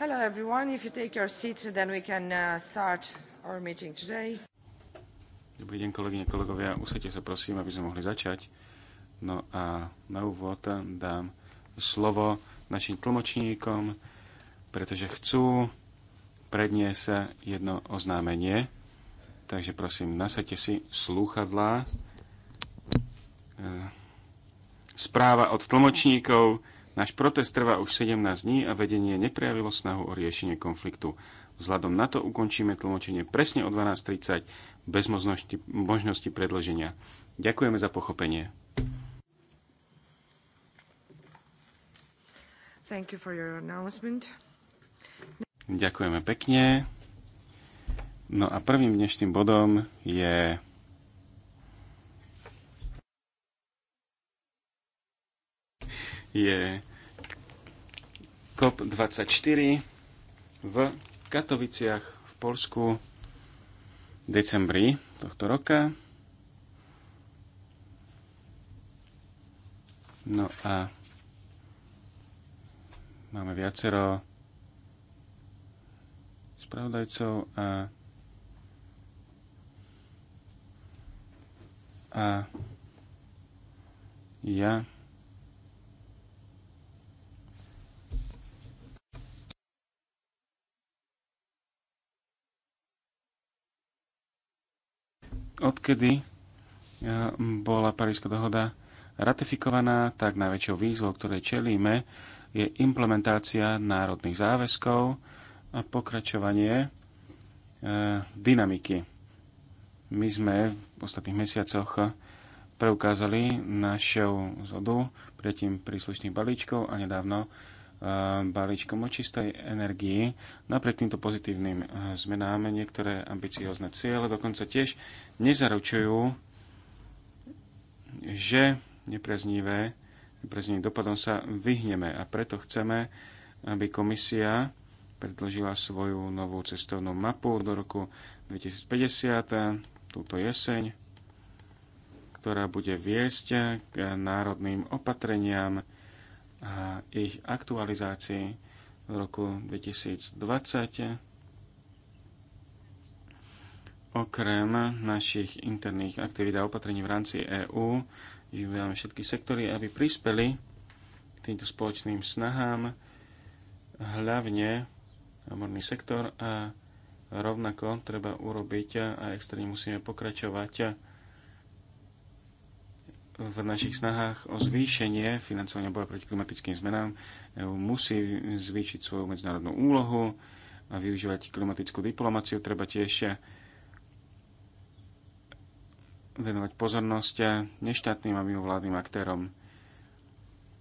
Hello everyone, if you take your seats, then we can uh, start our meeting today. Dobrý deň, kolegyne, kolegovia. Usadte sa prosím, aby sme mohli začať. No a na úvod dám slovo našim tlmočníkom, pretože chcú predniesť jedno oznámenie. Takže prosím, nasadte si slúchadlá. E, správa od tlmočníkov Náš protest trvá už 17 dní a vedenie neprejavilo snahu o riešenie konfliktu. Vzhľadom na to ukončíme tlmočenie presne o 12.30 bez možnosti, možnosti predloženia. Ďakujeme za pochopenie. Thank you for your announcement. Ďakujeme pekne. No a prvým dnešným bodom je je COP24 v Katoviciach v Polsku v decembri tohto roka. No a máme viacero spravodajcov a, a ja Odkedy eh, bola Parížska dohoda ratifikovaná, tak najväčšou výzvou, ktorej čelíme, je implementácia národných záväzkov a pokračovanie eh, dynamiky. My sme v ostatných mesiacoch preukázali našu zhodu predtým príslušných balíčkov a nedávno balíčkom o čistej energii. Napriek týmto pozitívnym e, zmenám niektoré ambiciózne ciele dokonca tiež nezaručujú, že nepreznivé, nepreznivým dopadom sa vyhneme a preto chceme, aby komisia predložila svoju novú cestovnú mapu do roku 2050, túto jeseň, ktorá bude viesť k národným opatreniam a ich aktualizácii v roku 2020. Okrem našich interných aktivít a opatrení v rámci EÚ vyvíjame všetky sektory, aby prispeli k týmto spoločným snahám, hlavne morný sektor a rovnako treba urobiť a extrémne musíme pokračovať v našich snahách o zvýšenie financovania boja proti klimatickým zmenám EU musí zvýšiť svoju medzinárodnú úlohu a využívať klimatickú diplomáciu. Treba tiež venovať pozornosť neštátnym a mimovládnym aktérom.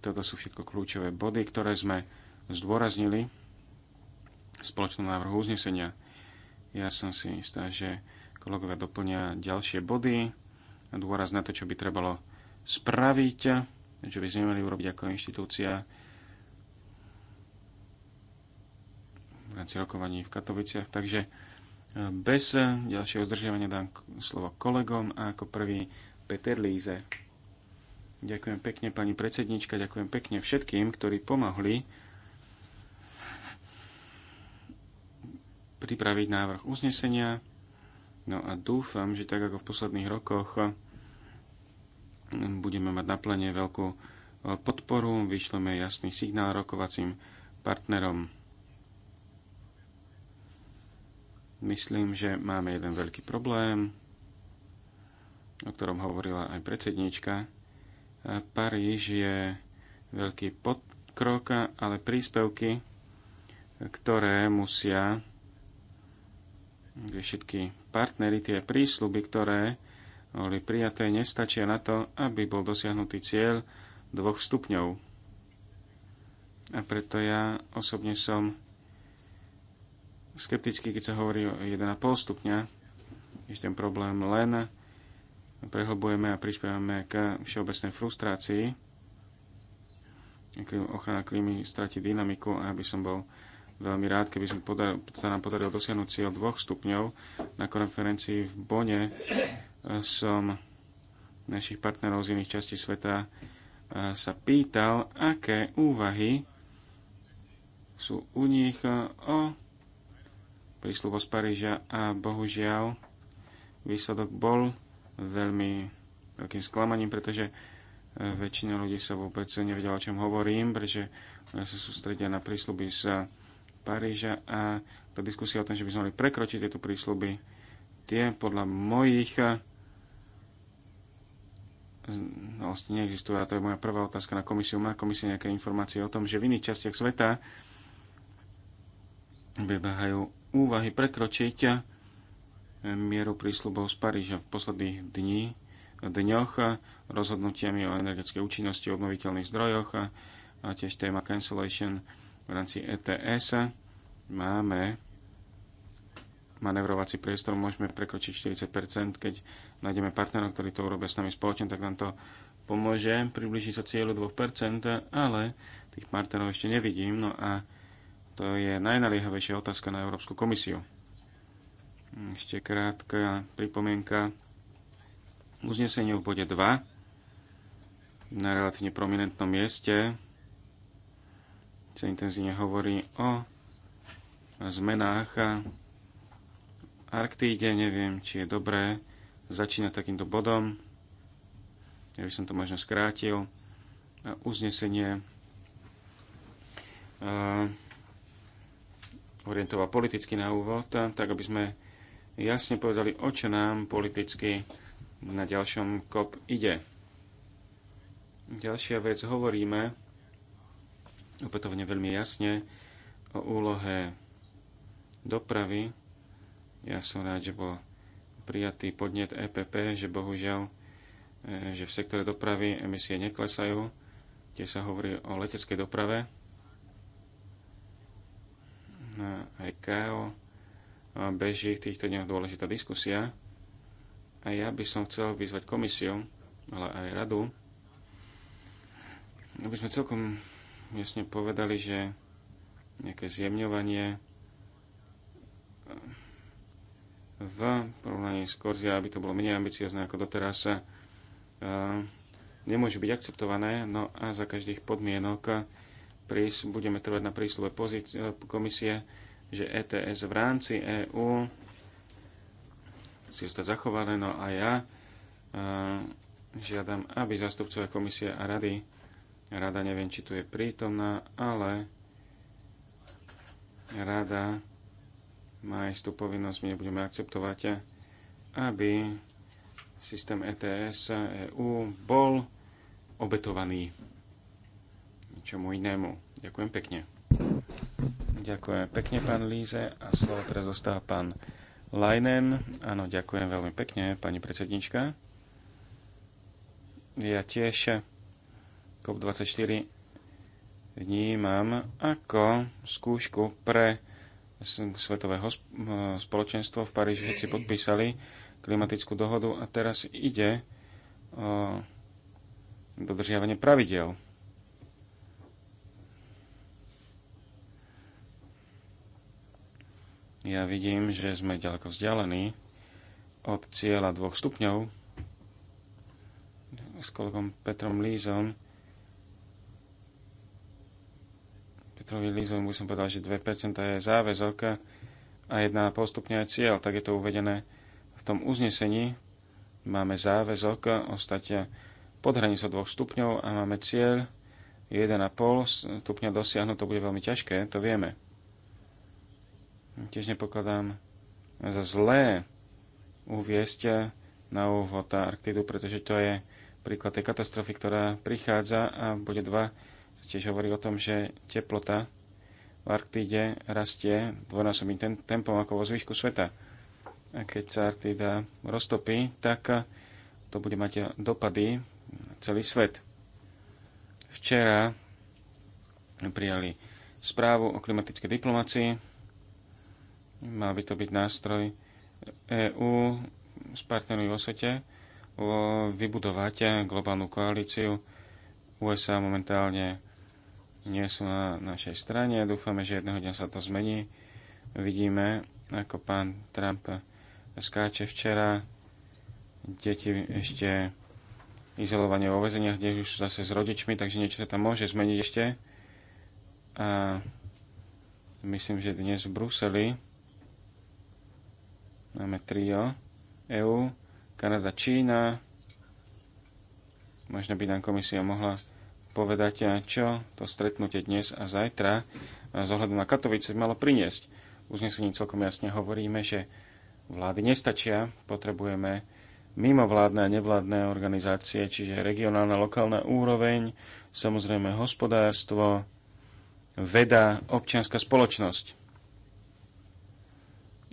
Toto sú všetko kľúčové body, ktoré sme zdôraznili v spoločnom návrhu uznesenia. Ja som si istá, že kolegovia doplnia ďalšie body a dôraz na to, čo by trebalo spraviť, čo by sme mali urobiť ako inštitúcia v rámci rokovaní v Katoviciach. Takže e, bez e, ďalšieho zdržiavania dám slovo kolegom a ako prvý Peter Líze. Ďakujem pekne pani predsednička, ďakujem pekne všetkým, ktorí pomohli pripraviť návrh uznesenia. No a dúfam, že tak ako v posledných rokoch budeme mať na plene veľkú e, podporu, vyšleme jasný signál rokovacím partnerom. Myslím, že máme jeden veľký problém, o ktorom hovorila aj predsedníčka. E, Paríž je veľký podkrok, ale príspevky, ktoré musia všetky partnery, tie prísluby, ktoré boli prijaté, nestačia na to, aby bol dosiahnutý cieľ dvoch stupňov. A preto ja osobne som skeptický, keď sa hovorí o 1,5 stupňa, ešte ten problém len prehlbujeme a prispievame k všeobecnej frustrácii, ochrana klímy stratí dynamiku a aby som bol veľmi rád, keby sme sa nám podarilo dosiahnuť cieľ 2 stupňov na konferencii v Bone som našich partnerov z iných častí sveta e, sa pýtal, aké úvahy sú u nich e, o prísluvo z Paríža a bohužiaľ výsledok bol veľmi veľkým sklamaním, pretože e, väčšina ľudí sa vôbec nevedela, o čom hovorím, pretože sa sústredia na prísluby z Paríža a tá diskusia o tom, že by sme mali prekročiť tieto prísluby tie podľa mojich znalosti neexistuje. A to je moja prvá otázka na komisiu. Má komisia nejaké informácie o tom, že v iných častiach sveta vybáhajú úvahy prekročiť mieru prísľubov z Paríža v posledných dní, dňoch rozhodnutiami o energetickej účinnosti, obnoviteľných zdrojoch a tiež téma cancellation v rámci ETS. Máme manevrovací priestor, môžeme prekročiť 40%, keď nájdeme partnerov, ktorý to urobia s nami spoločne, tak nám to pomôže, približiť sa cieľu 2%, ale tých partnerov ešte nevidím, no a to je najnaliehavejšia otázka na Európsku komisiu. Ešte krátka pripomienka uzneseniu v bode 2 na relatívne prominentnom mieste sa intenzívne hovorí o zmenách Arktíde. Neviem, či je dobré začínať takýmto bodom. Ja by som to možno skrátil. Uznesenie eh, orientová politicky na úvod, tak aby sme jasne povedali, o čo nám politicky na ďalšom kop ide. Ďalšia vec, hovoríme opätovne veľmi jasne o úlohe dopravy ja som rád, že bol prijatý podnet EPP, že bohužiaľ, e, že v sektore dopravy emisie neklesajú, kde sa hovorí o leteckej doprave. Na ICAO beží v týchto dňoch dôležitá diskusia a ja by som chcel vyzvať komisiu, ale aj radu, aby sme celkom jasne povedali, že nejaké zjemňovanie v porovnaní s Korzia, aby to bolo menej ambiciozne ako doteraz, nemôže byť akceptované. No a za každých podmienok prís, budeme trvať na príslove e, komisie, že ETS v rámci EÚ si ostať zachované. No a ja e, žiadam, aby zastupcovia komisie a rady, rada neviem, či tu je prítomná, ale rada má istú povinnosť, my nebudeme akceptovať, aby systém ETS EU bol obetovaný ničomu inému. Ďakujem pekne. Ďakujem pekne, pán Líze. A slovo teraz zostáva pán Lajnen. Áno, ďakujem veľmi pekne, pani predsednička. Ja tiež COP24 vnímam ako skúšku pre Svetové eh, spoločenstvo v Paríži všetci podpísali klimatickú dohodu a teraz ide o eh, dodržiavanie pravidel. Ja vidím, že sme ďaleko vzdialení od cieľa dvoch stupňov. S kolegom Petrom Lízom sektorový lízov, by som povedal, že 2% je záväzok a jedna postupne aj cieľ. Tak je to uvedené v tom uznesení. Máme záväzok ostať pod hranicou 2 stupňov a máme cieľ 1,5 stupňa dosiahnuť. To bude veľmi ťažké, to vieme. Tiež nepokladám za zlé uviesť na úvod Arktidu, pretože to je príklad tej katastrofy, ktorá prichádza a bude dva tiež hovorí o tom, že teplota v Arktíde rastie dvojnásobným ten, tempom ako vo zvyšku sveta. A keď sa Arktída roztopí, tak to bude mať dopady na celý svet. Včera prijali správu o klimatickej diplomácii. Mal by to byť nástroj EÚ s partnermi vo svete vybudovať globálnu koalíciu. USA momentálne nie sú na našej strane a dúfame, že jedného dňa sa to zmení. Vidíme, ako pán Trump skáče včera, deti ešte izolovanie vo väzeniach, kde už zase s rodičmi, takže niečo sa tam môže zmeniť ešte. A myslím, že dnes v Bruseli máme trio EU, Kanada, Čína. Možno by nám komisia mohla povedať, eh, čo to stretnutie dnes a zajtra eh, z ohľadu na Katovice malo priniesť. Uznesení celkom jasne hovoríme, že vlády nestačia, potrebujeme mimovládne a nevládne organizácie, čiže regionálna, lokálna úroveň, samozrejme hospodárstvo, veda, občianská spoločnosť,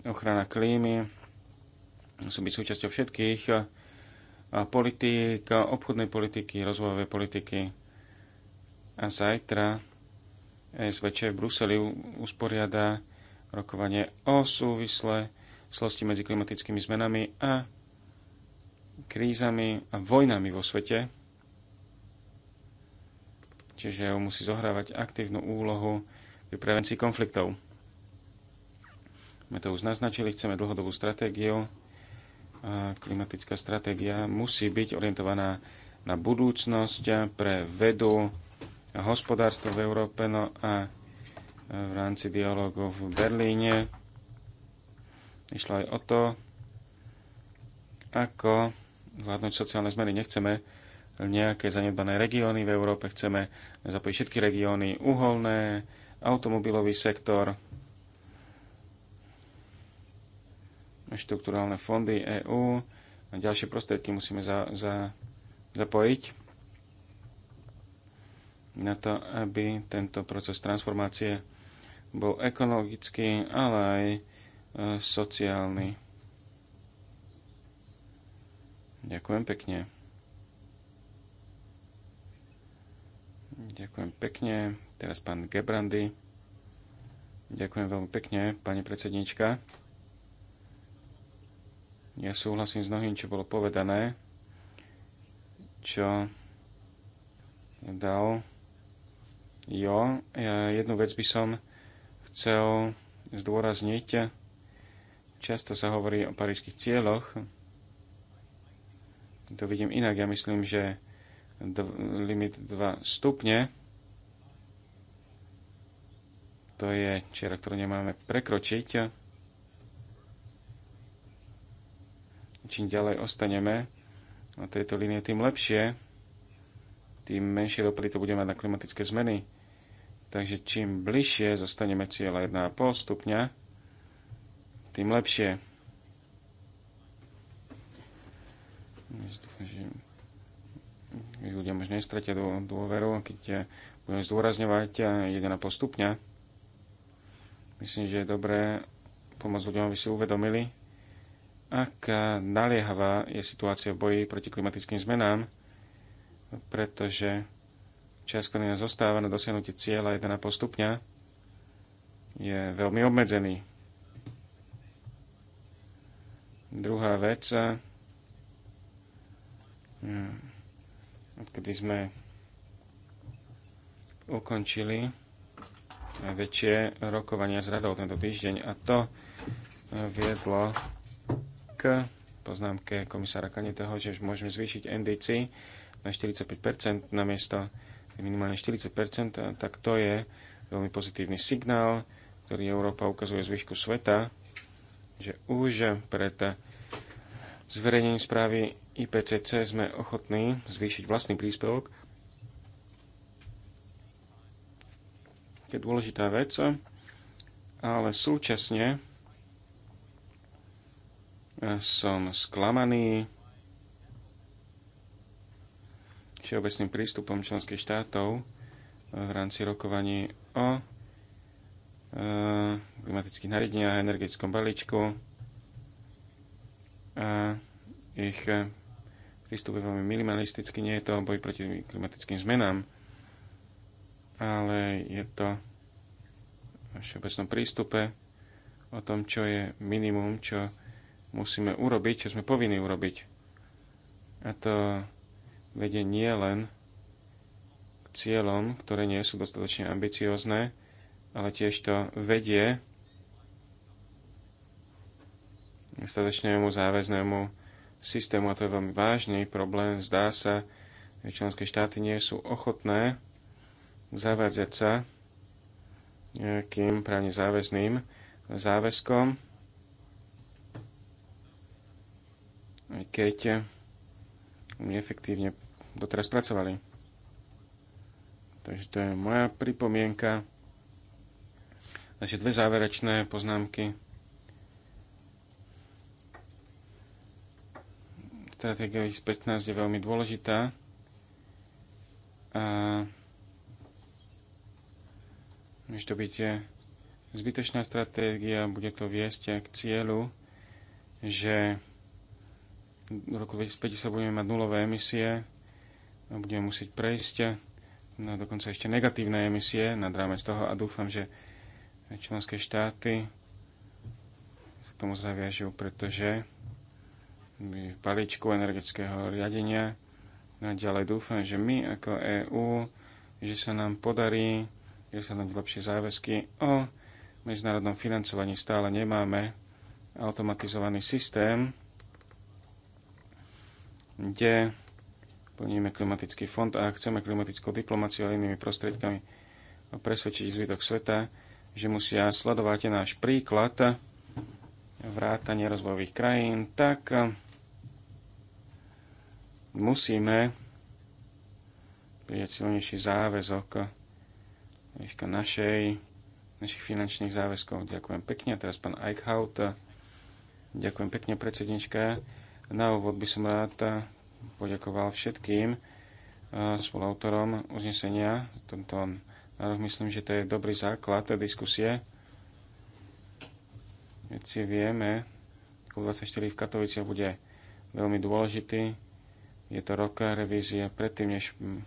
ochrana klímy, musí byť súčasťou všetkých eh, politík, obchodnej politiky, rozvojovej politiky, a zajtra SVČ v Bruseli usporiada rokovanie o súvisle slosti medzi klimatickými zmenami a krízami a vojnami vo svete. Čiže EU musí zohrávať aktívnu úlohu pri prevencii konfliktov. My to už naznačili, chceme dlhodobú stratégiu. A klimatická stratégia musí byť orientovaná na budúcnosť pre vedu, hospodárstvo v Európe, no a e, v rámci dialogov v Berlíne išlo aj o to, ako vládnuť sociálne zmeny. Nechceme nejaké zanedbané regióny v Európe, chceme zapojiť všetky regióny, uholné, automobilový sektor, štruktúrálne fondy EÚ a ďalšie prostriedky musíme za, za, zapojiť na to, aby tento proces transformácie bol ekologický, ale aj e, sociálny. Ďakujem pekne. Ďakujem pekne. Teraz pán Gebrandy. Ďakujem veľmi pekne, pani predsednička. Ja súhlasím s mnohým, čo bolo povedané, čo dal Jo, ja jednu vec by som chcel zdôrazniť. Často sa hovorí o parížských cieľoch. To vidím inak. Ja myslím, že limit 2 stupne to je čiara, ktorú nemáme prekročiť. Čím ďalej ostaneme na tejto línie, tým lepšie, tým menšie dopady to bude mať na klimatické zmeny. Takže čím bližšie zostaneme cieľa 1,5 stupňa, tým lepšie. Dúfam, že ľudia možno nestratia dôveru, keď eh, budeme zdôrazňovať 1,5 eh, stupňa. Myslím, že je dobré pomôcť ľuďom, aby si uvedomili, aká naliehavá je situácia v boji proti klimatickým zmenám, pretože čas, ktorý nás zostáva na dosiahnutie cieľa 1,5 stupňa, je veľmi obmedzený. Druhá vec, eh, hm, kedy sme ukončili najväčšie rokovania s radou tento týždeň a to eh, viedlo k poznámke komisára Kaneteho, že môžeme zvýšiť NDC na 45% namiesto minimálne 40 tak to je veľmi pozitívny signál, ktorý Európa ukazuje zvyšku sveta, že už pred zverejnením správy IPCC sme ochotní zvýšiť vlastný príspevok. Je dôležitá vec, ale súčasne som sklamaný, všeobecným prístupom členských štátov eh, v rámci rokovaní o eh, klimatických nariadeniach a energetickom balíčku. A ich eh, prístup je veľmi minimalistický, nie je to boj proti klimatickým zmenám, ale je to v všeobecnom prístupe o tom, čo je minimum, čo musíme urobiť, čo sme povinni urobiť. A to vedie nie len k cieľom, ktoré nie sú dostatočne ambiciozne, ale tiež to vedie k dostatočnému záväznému systému. A to je veľmi vážny problém. Zdá sa, že členské štáty nie sú ochotné zavádzať sa nejakým právne záväzným záväzkom, keď neefektívne doteraz pracovali. Takže to je moja pripomienka. Naše dve záverečné poznámky. Stratégia 15 je veľmi dôležitá. A môže to byť zbytečná stratégia, bude to viesť k cieľu, že v roku 2050 budeme mať nulové emisie budeme musieť prejsť na no, dokonca ešte negatívne emisie nad rámec toho a dúfam, že členské štáty sa k tomu zaviažujú, pretože v balíčku energetického riadenia ďalej dúfam, že my ako EÚ, že sa nám podarí že sa nám lepšie záväzky o medzinárodnom financovaní stále nemáme automatizovaný systém, kde plníme klimatický fond a chceme klimatickou diplomáciu a inými prostriedkami presvedčiť zvytok sveta, že musia sledovať náš príklad vrátanie rozvojových krajín, tak musíme prijať silnejší záväzok našej, našich finančných záväzkov. Ďakujem pekne. A teraz pán Eichhout. Ďakujem pekne, predsednička. Na úvod by som rád poďakoval všetkým eh, spoluautorom uznesenia v tomto Myslím, že to je dobrý základ diskusie. si vieme, COP24 v Katoviciach bude veľmi dôležitý. Je to rok revízie predtým, než hm,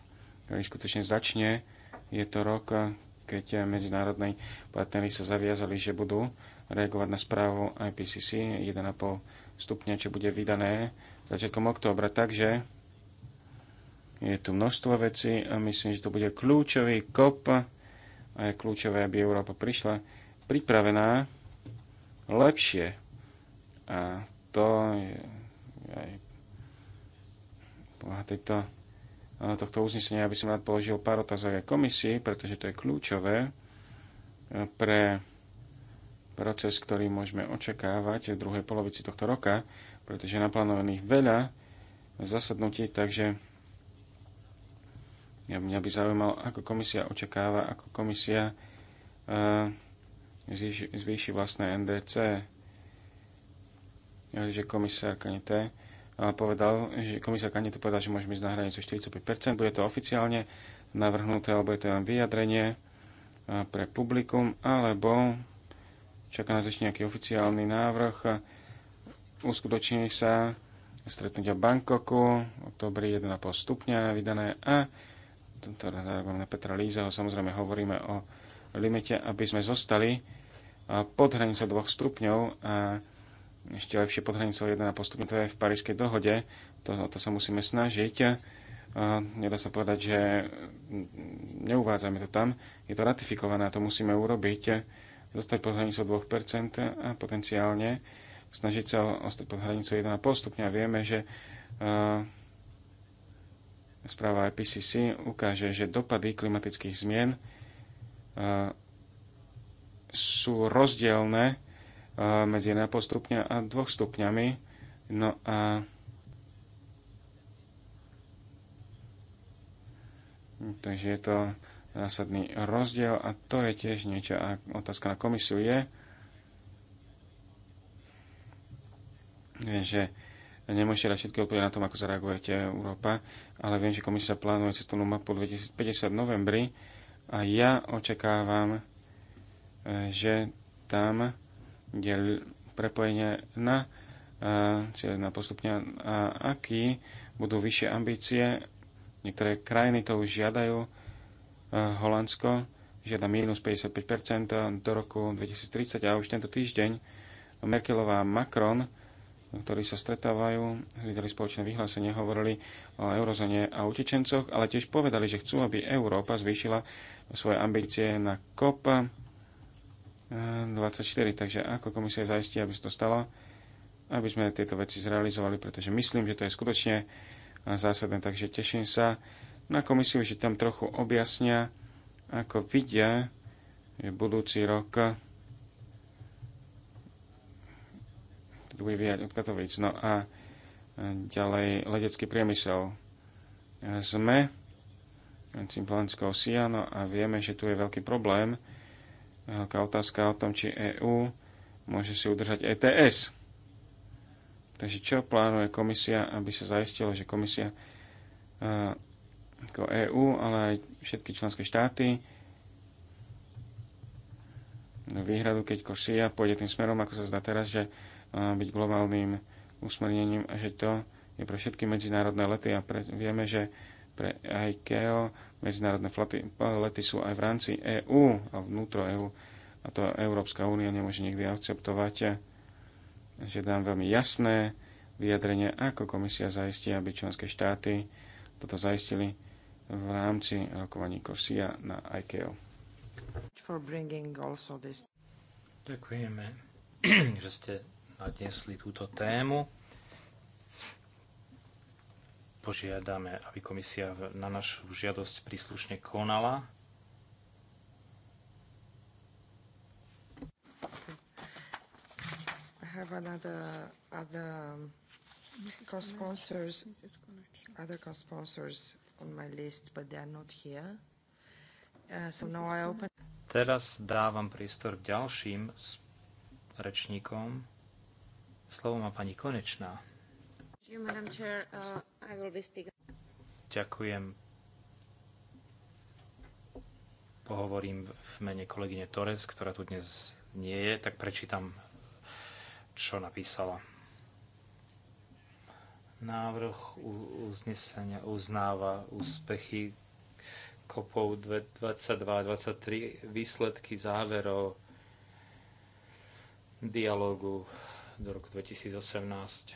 skutočne začne. Je to rok, keď medzinárodní partnery sa zaviazali, že budú reagovať na správu IPCC 1,5 stupňa, čo bude vydané začiatkom októbra. Takže je tu množstvo vecí a myslím, že to bude kľúčový kop a je kľúčové, aby Európa prišla pripravená lepšie. A to je aj podľa tejto, tohto uznesenia, aby som rád položil pár otázok aj komisii, pretože to je kľúčové pre proces, ktorý môžeme očakávať v druhej polovici tohto roka pretože je naplánovaných veľa zasadnutí, takže ja, mňa by zaujímalo, ako komisia očakáva, ako komisia uh, zvýši, zvýši vlastné NDC. Ja, že komisár Kanete eh, povedal, že komisár Kanete povedal, že môžeme ísť na hranicu 45%, bude to oficiálne navrhnuté, alebo je to len vyjadrenie eh, pre publikum, alebo čaká nás ešte nejaký oficiálny návrh uskutoční sa stretnutia v Bangkoku, oktobri 1,5 stupňa vydané a toto na Petra Lízeho samozrejme hovoríme o limite, aby sme zostali pod hranicou 2 stupňov a ešte lepšie pod hranicou 1,5 stupňa, to je v Parískej dohode, to, to sa musíme snažiť. A nedá sa povedať, že neuvádzame to tam, je to ratifikované to musíme urobiť, zostať pod hranicou 2% a potenciálne snažiť sa ostať pod hranicou 1,5 stupňa. Vieme, že e, správa IPCC ukáže, že dopady klimatických zmien e, sú rozdielne e, medzi 1,5 stupňa a 2 stupňami. No a takže je to zásadný rozdiel a to je tiež niečo. A otázka na komisiu je, Viem, že nemôžete dať všetky odpovede na tom, ako zareagujete Európa, ale viem, že komisia plánuje cestovnú mapu 2050 novembri a ja očakávam, eh, že tam je prepojenie na eh, cieľ na postupňa a aký budú vyššie ambície. Niektoré krajiny to už žiadajú. Eh, Holandsko žiada minus 55% do roku 2030 a už tento týždeň Merkelová Macron ktorí sa stretávajú, videli spoločné vyhlásenie, hovorili o eurozóne a utečencoch, ale tiež povedali, že chcú, aby Európa zvýšila svoje ambície na COP 24. Eh, Takže ako komisia zaistí, aby sa to stalo, aby sme tieto veci zrealizovali, pretože myslím, že to je skutočne zásadné. Takže teším sa na komisiu, že tam trochu objasnia, ako vidia, že budúci rok vyvíjať od Katovic. No a e, ďalej letecký priemysel. E, sme Cimplanského Siano a vieme, že tu je veľký problém, veľká otázka o tom, či EÚ môže si udržať ETS. Takže čo plánuje komisia, aby sa zaistilo, že komisia e, ako EÚ, ale aj všetky členské štáty no, výhradu, keď Košia pôjde tým smerom, ako sa zdá teraz, že byť globálnym usmernením a že to je pre všetky medzinárodné lety a pre, vieme, že pre ICAO medzinárodné flaty, lety sú aj v rámci EÚ a vnútro EÚ a to Európska únia nemôže nikdy akceptovať, že dám veľmi jasné vyjadrenie, ako komisia zaistí, aby členské štáty toto zaistili v rámci rokovaní Korsia na ICAO. Ďakujeme, že ste nadnesli túto tému. Požiadame, aby komisia na našu žiadosť príslušne konala. have another other um, co-sponsors other co-sponsors on my list but they are not here uh, so now I open Teraz dávam priestor k ďalším rečníkom. Slovo má pani Konečná. Uh, Ďakujem. Pohovorím v mene kolegyne Torec, ktorá tu dnes nie je, tak prečítam, čo napísala. Návrh uznesenia uznáva úspechy kopov 22-23, výsledky záverov dialogu do roku 2018.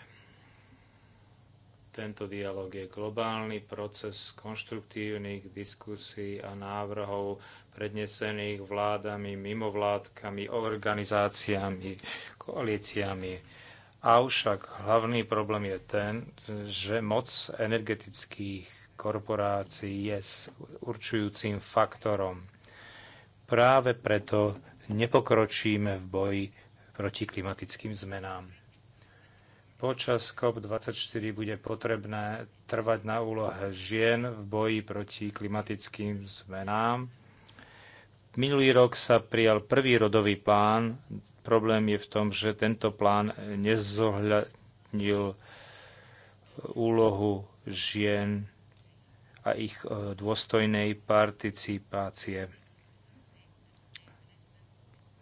Tento dialog je globálny proces konštruktívnych diskusí a návrhov prednesených vládami, mimovládkami, organizáciami, koalíciami. Avšak hlavný problém je ten, že moc energetických korporácií je určujúcim faktorom. Práve preto nepokročíme v boji proti klimatickým zmenám. Počas COP24 bude potrebné trvať na úlohe žien v boji proti klimatickým zmenám. Minulý rok sa prijal prvý rodový plán. Problém je v tom, že tento plán nezohľadnil úlohu žien a ich e, dôstojnej participácie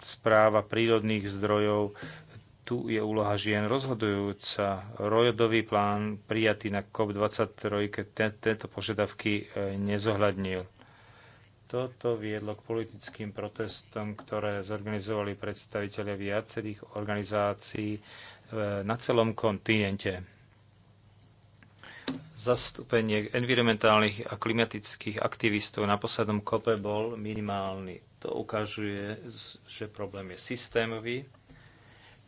správa prírodných zdrojov, tu je úloha žien rozhodujúca. Rojodový plán prijatý na COP23 tieto požiadavky e, nezohľadnil. Toto viedlo k politickým protestom, ktoré zorganizovali predstavitelia viacerých organizácií e, na celom kontinente. Zastúpenie environmentálnych a klimatických aktivistov na poslednom kope bol minimálny to ukazuje, že problém je systémový.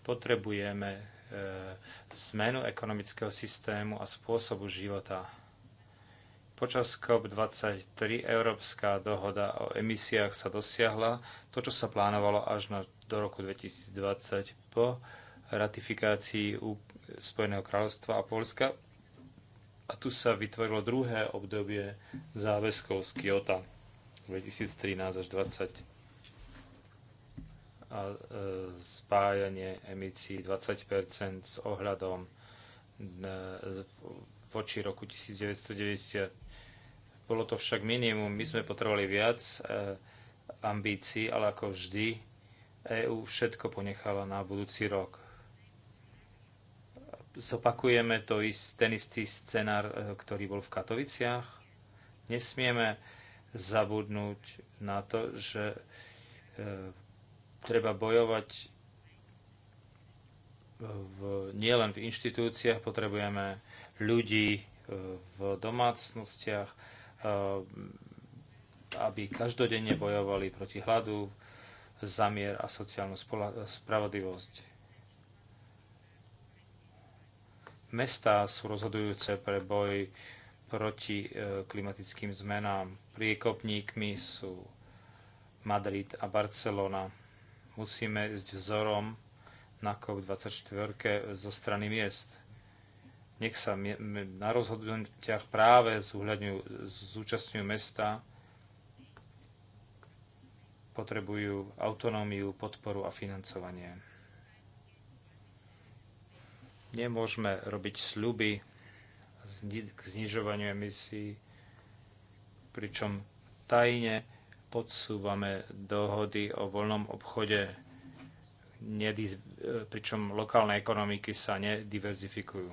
Potrebujeme e, zmenu ekonomického systému a spôsobu života. Počas COP23 Európska dohoda o emisiách sa dosiahla to, čo sa plánovalo až na, do roku 2020 po ratifikácii u Spojeného kráľovstva a Polska. A tu sa vytvorilo druhé obdobie záväzkov z Kyoto. 2013 až 20 a e, spájanie emisí 20 s ohľadom e, voči roku 1990. Bolo to však minimum, my sme potrebovali viac e, ambícií, ale ako vždy EÚ všetko ponechala na budúci rok. Zopakujeme to, ten istý scenár, ktorý bol v Katoviciach. Nesmieme zabudnúť na to, že e, treba bojovať e, v, nielen v inštitúciách, potrebujeme ľudí e, v domácnostiach, aby každodenne bojovali proti hladu, zamier a sociálnu spravodlivosť. Mestá sú rozhodujúce pre boj proti e, klimatickým zmenám. Priekopníkmi sú Madrid a Barcelona. Musíme ísť vzorom na COP24 zo strany miest. Nech sa na rozhodnutiach práve zúčastňujú mesta, potrebujú autonómiu, podporu a financovanie. Nemôžeme robiť sľuby, k znižovaniu emisí, pričom tajne podsúvame dohody o voľnom obchode, e, pričom lokálne ekonomiky sa nediverzifikujú.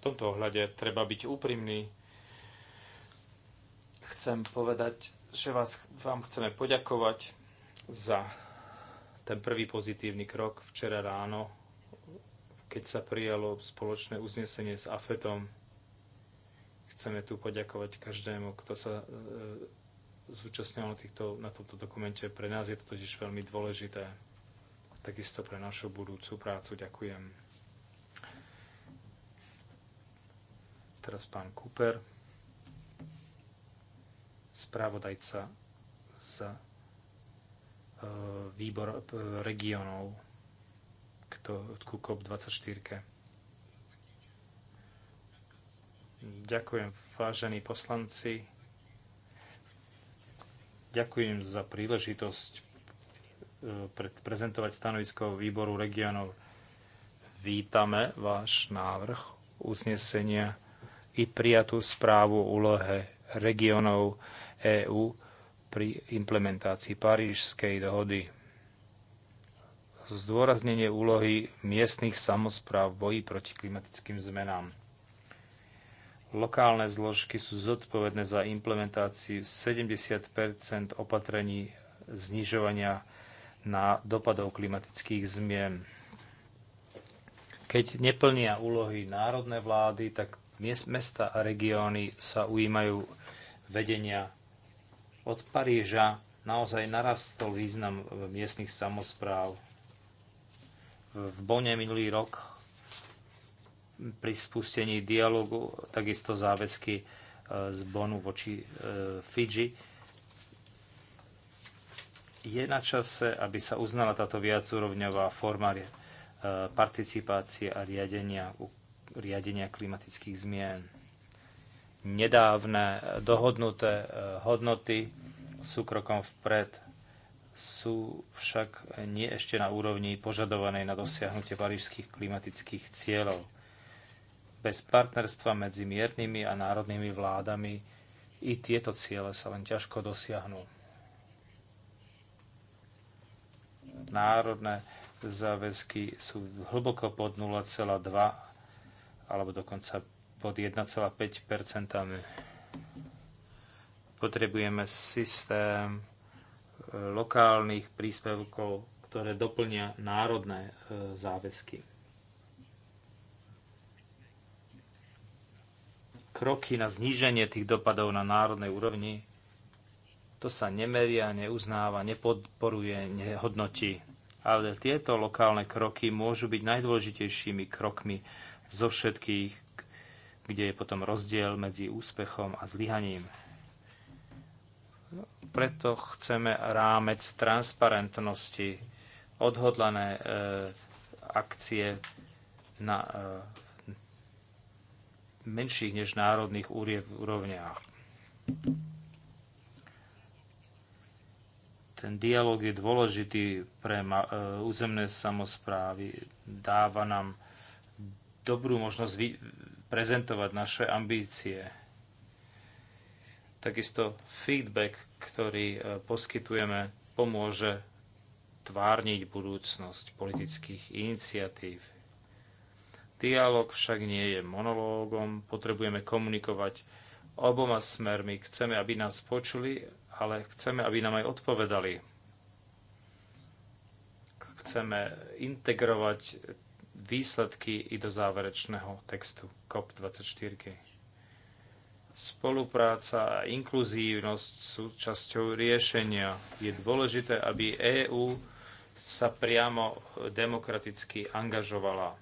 V tomto ohľade treba byť úprimný. Chcem povedať, že vás, vám chceme poďakovať za ten prvý pozitívny krok včera ráno keď sa prijalo spoločné uznesenie s AFETom. Chceme tu poďakovať každému, kto sa e, zúčastnil na, týchto, na tomto dokumente. Pre nás je to totiž veľmi dôležité. takisto pre našu budúcu prácu. Ďakujem. Teraz pán Cooper, správodajca za e, výbor e, regionov to ku COP24. Ďakujem, vážení poslanci. Ďakujem za príležitosť e, prezentovať stanovisko výboru regionov. Vítame váš návrh uznesenia i prijatú správu úlohe regionov EÚ pri implementácii Parížskej dohody zdôraznenie úlohy miestnych samozpráv v boji proti klimatickým zmenám. Lokálne zložky sú zodpovedné za implementáciu 70 opatrení znižovania na dopadov klimatických zmien. Keď neplnia úlohy národné vlády, tak mesta a regióny sa ujímajú vedenia od Paríža naozaj narastol význam miestnych samozpráv v Bone minulý rok pri spustení dialogu, takisto záväzky e, z Bonu voči e, Fidži. Je na čase, aby sa uznala táto viacúrovňová forma e, participácie a riadenia, riadenia klimatických zmien. Nedávne dohodnuté hodnoty sú krokom vpred sú však nie ešte na úrovni požadovanej na dosiahnutie parížských klimatických cieľov. Bez partnerstva medzi miernymi a národnými vládami i tieto ciele sa len ťažko dosiahnu. Národné záväzky sú hlboko pod 0,2 alebo dokonca pod 1,5 Potrebujeme systém lokálnych príspevkov, ktoré doplnia národné e, záväzky. Kroky na zníženie tých dopadov na národnej úrovni to sa nemeria, neuznáva, nepodporuje, nehodnotí. Ale tieto lokálne kroky môžu byť najdôležitejšími krokmi zo všetkých, kde je potom rozdiel medzi úspechom a zlyhaním. Preto chceme rámec transparentnosti, odhodlané e, akcie na e, menších než národných úrovniach. Ten dialog je dôležitý pre e, územné samozprávy, dáva nám dobrú možnosť prezentovať naše ambície. Takisto feedback, ktorý e, poskytujeme, pomôže tvárniť budúcnosť politických iniciatív. Dialóg však nie je monológom, potrebujeme komunikovať oboma smermi. Chceme, aby nás počuli, ale chceme, aby nám aj odpovedali. Chceme integrovať výsledky i do záverečného textu COP24. Spolupráca a inkluzívnosť sú časťou riešenia. Je dôležité, aby EÚ sa priamo demokraticky angažovala.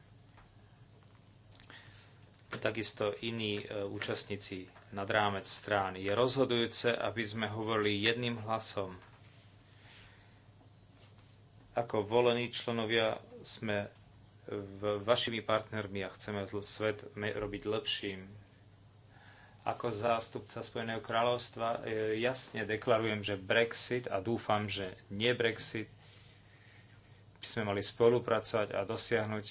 Takisto iní e, účastníci nad rámec strán. Je rozhodujúce, aby sme hovorili jedným hlasom. Ako volení členovia sme vašimi partnermi a chceme svet robiť lepším. Ako zástupca Spojeného kráľovstva e, jasne deklarujem, že Brexit a dúfam, že nie Brexit by sme mali spolupracovať a dosiahnuť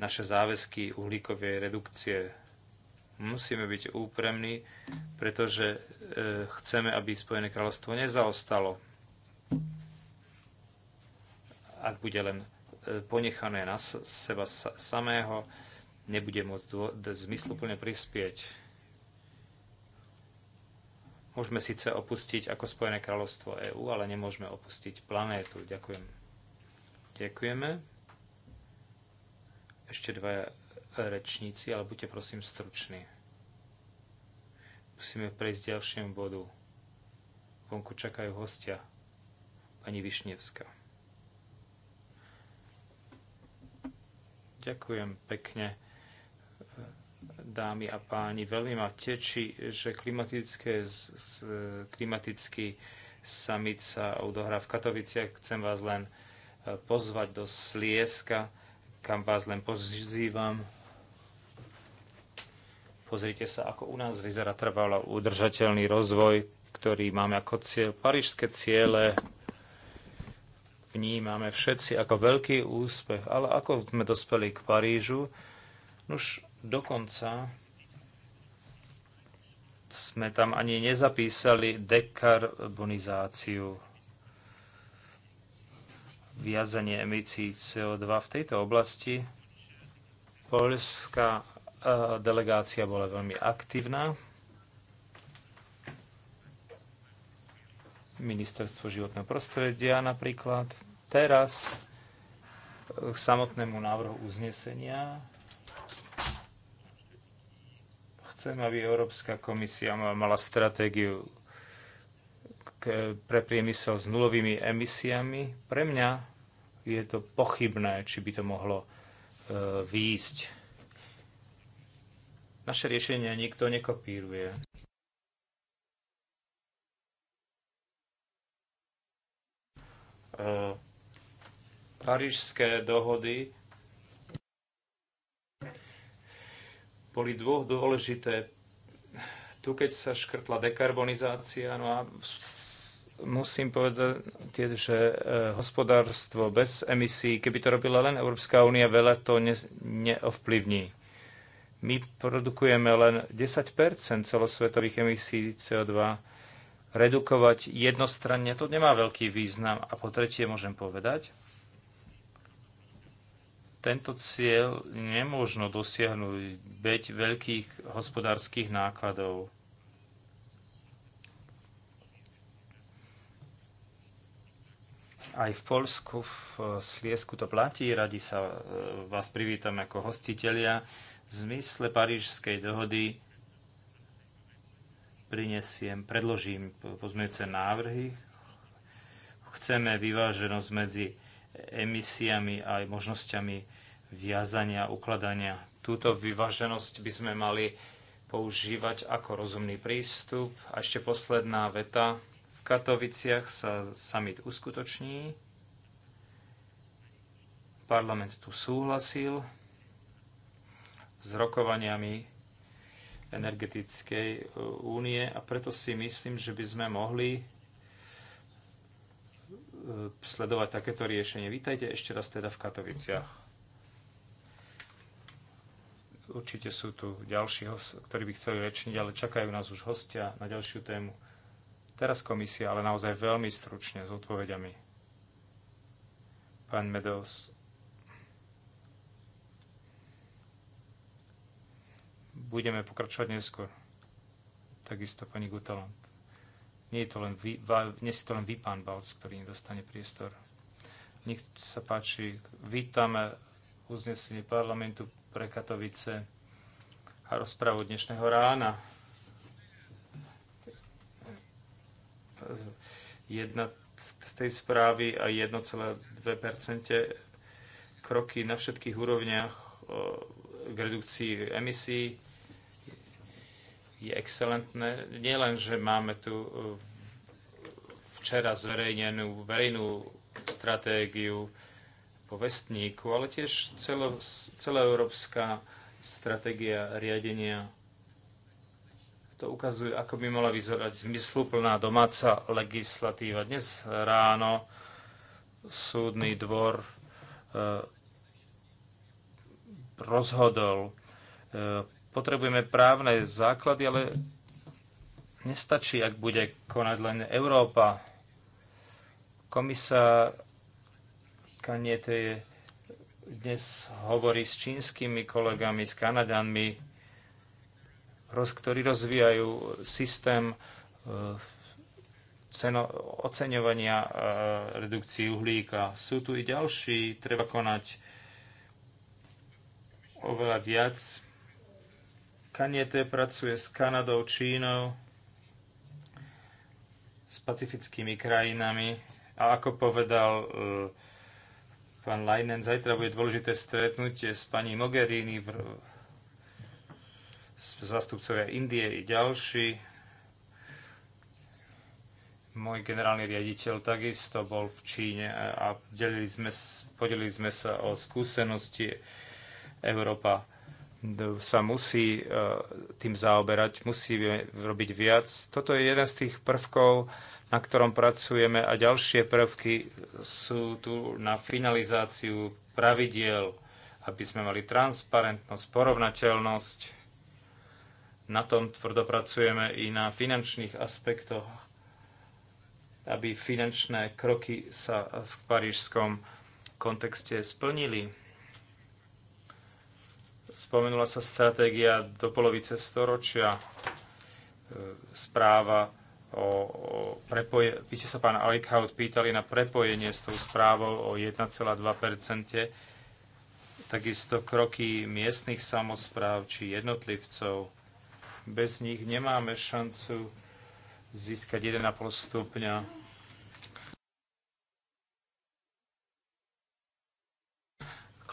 naše záväzky uhlíkovej redukcie. Musíme byť úpremní, pretože e, chceme, aby Spojené kráľovstvo nezaostalo. Ak bude len e, ponechané na seba samého, nebude môcť zmysluplne prispieť Môžeme síce opustiť ako Spojené kráľovstvo EÚ, ale nemôžeme opustiť planétu. Ďakujem. Ďakujeme. Ešte dva rečníci, ale buďte prosím struční. Musíme prejsť ďalšiemu bodu. Vonku čakajú hostia. Pani Višnevská. Ďakujem pekne dámy a páni. Veľmi ma teší, že klimatické, z, z, klimatický summit sa odohrá v Katoviciach. Chcem vás len e, pozvať do Slieska, kam vás len pozývam. Pozrite sa, ako u nás vyzerá trvalo udržateľný rozvoj, ktorý máme ako cieľ. Parížské ciele vnímame všetci ako veľký úspech, ale ako sme dospeli k Parížu, už Dokonca sme tam ani nezapísali dekarbonizáciu viazanie emisí CO2 v tejto oblasti. Poľská e, delegácia bola veľmi aktívna. Ministerstvo životného prostredia napríklad. Teraz k samotnému návrhu uznesenia Chcem, aby Európska komisia mala stratégiu pre priemysel s nulovými emisiami. Pre mňa je to pochybné, či by to mohlo e, výjsť. Naše riešenia nikto nekopíruje. E, Parížské dohody boli dvoch dôležité. Tu, keď sa škrtla dekarbonizácia, no a musím povedať, že e, hospodárstvo bez emisí, keby to robila len Európska únia, veľa to ne, neovplyvní. My produkujeme len 10 celosvetových emisí CO2. Redukovať jednostranne to nemá veľký význam. A po tretie môžem povedať, tento cieľ nemôžno dosiahnuť beť veľkých hospodárskych nákladov. Aj v Polsku, v Sliesku to platí. Radi sa e, vás privítam ako hostitelia. V zmysle Parížskej dohody prinesiem, predložím pozmeňujúce návrhy. Chceme vyváženosť medzi emisiami a aj možnosťami viazania, ukladania. Túto vyváženosť by sme mali používať ako rozumný prístup. A ešte posledná veta. V Katoviciach sa summit uskutoční. Parlament tu súhlasil s rokovaniami energetickej e, únie a preto si myslím, že by sme mohli E, sledovať takéto riešenie. Vítajte ešte raz teda v Katoviciach. Určite sú tu ďalší, ktorí by chceli rečniť, ale čakajú nás už hostia na ďalšiu tému. Teraz komisia, ale naozaj veľmi stručne s odpovediami. Pán Medos. Budeme pokračovať neskôr. Takisto pani Gutalant. Nie, je to len vy, nie si to len vy, pán Balc, ktorý nedostane priestor. Nech sa páči, vítame uznesenie parlamentu pre Katovice a rozprávu dnešného rána. Jedna z tej správy a 1,2 kroky na všetkých úrovniach k eh, redukcii emisí je excelentné. Nielen, že máme tu e, včera zverejnenú verejnú stratégiu po vestníku, ale tiež celo, celoeurópska stratégia riadenia. To ukazuje, ako by mala vyzerať zmysluplná domáca legislatíva. Dnes ráno súdny dvor e, rozhodol e, Potrebujeme právne základy, ale nestačí, ak bude konať len Európa. Komisár Kaniete dnes hovorí s čínskymi kolegami, s Kanadianmi, ktorí rozvíjajú systém eh, ceno, oceňovania eh, redukcií uhlíka. Sú tu i ďalší, treba konať oveľa viac. Kaniete pracuje s Kanadou, Čínou, s pacifickými krajinami. A ako povedal e, pán Leinen, zajtra bude dôležité stretnutie s pani Mogherini, v, zastupcovia Indie i ďalší. Môj generálny riaditeľ takisto bol v Číne a delili sme, podelili sme sa o skúsenosti Európa sa musí e, tým zaoberať, musí robiť viac. Toto je jeden z tých prvkov, na ktorom pracujeme a ďalšie prvky sú tu na finalizáciu pravidiel, aby sme mali transparentnosť, porovnateľnosť. Na tom tvrdo pracujeme i na finančných aspektoch, aby finančné kroky sa v parížskom kontexte splnili Spomenula sa stratégia do polovice storočia, e, správa o, o prepoje... Vy ste sa pán Eichhout pýtali na prepojenie s tou správou o 1,2 takisto kroky miestnych samozpráv či jednotlivcov. Bez nich nemáme šancu získať 1,5 stupňa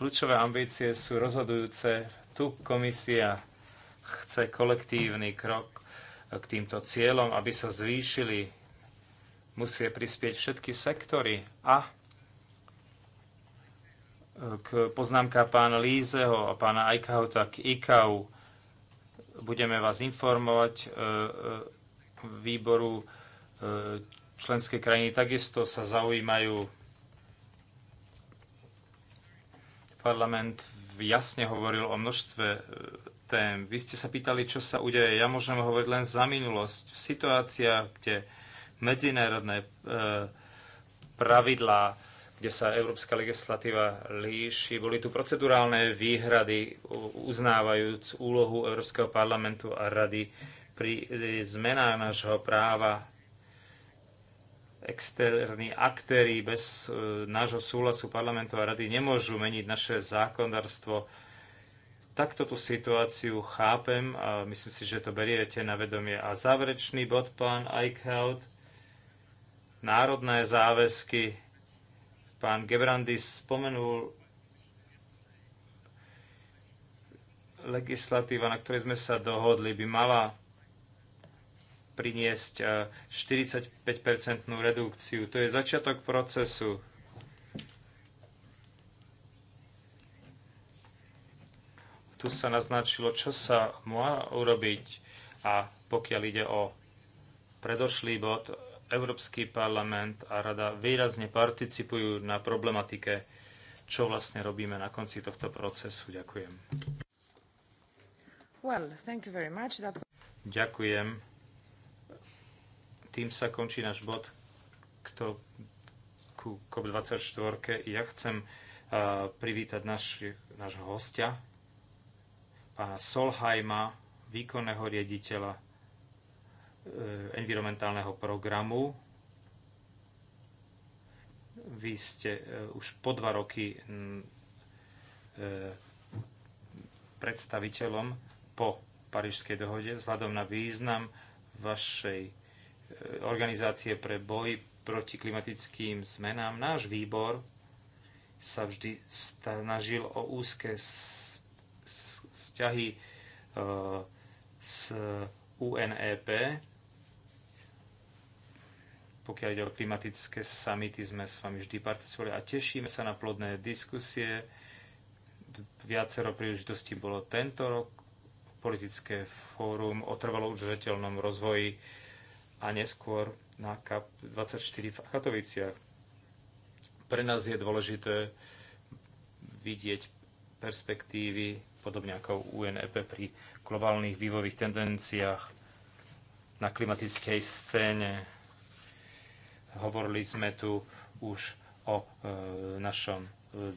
Kľúčové ambície sú rozhodujúce. Tu komisia chce kolektívny krok k týmto cieľom, aby sa zvýšili. Musie prispieť všetky sektory a k poznámka pána Lízeho a pána Ajkaho, tak IKAU. Budeme vás informovať e, e, výboru e, členské krajiny takisto sa zaujímajú Parlament jasne hovoril o množstve e, tém. Vy ste sa pýtali, čo sa udeje. Ja môžem hovoriť len za minulosť. V situáciách, kde medzinárodné e, pravidlá, kde sa európska legislatíva líši, boli tu procedurálne výhrady uznávajúc úlohu Európskeho parlamentu a rady pri e, zmenách nášho práva externí aktéry bez e, nášho súhlasu parlamentu a rady nemôžu meniť naše zákonodárstvo. Takto tú situáciu chápem a myslím si, že to beriete na vedomie. A záverečný bod, pán Eichhout, národné záväzky. Pán Gebrandis spomenul legislatíva, na ktorej sme sa dohodli, by mala priniesť 45-percentnú e, redukciu. To je začiatok procesu. Tu sa naznačilo, čo sa má urobiť a pokiaľ ide o predošlý bod, Európsky parlament a rada výrazne participujú na problematike, čo vlastne robíme na konci tohto procesu. Ďakujem. Well, That... Ďakujem tým sa končí náš bod to, ku COP24. Ja chcem uh, privítať nášho naš, hostia, pána Solheima, výkonného riaditeľa uh, environmentálneho programu. Vy ste uh, už po dva roky uh, predstaviteľom po Parížskej dohode vzhľadom na význam vašej E, organizácie pre boj proti klimatickým zmenám, náš výbor sa vždy snažil o úzke vzťahy e, s UNEP. Pokiaľ ide o klimatické samity, sme s vami vždy participovali a tešíme sa na plodné diskusie. Viacero príležitostí bolo tento rok politické fórum o trvalo udržateľnom rozvoji a neskôr na KAP 24 v Achatoviciach. Pre nás je dôležité vidieť perspektívy, podobne ako UNEP pri globálnych vývojových tendenciách na klimatickej scéne. Hovorili sme tu už o e, našom e,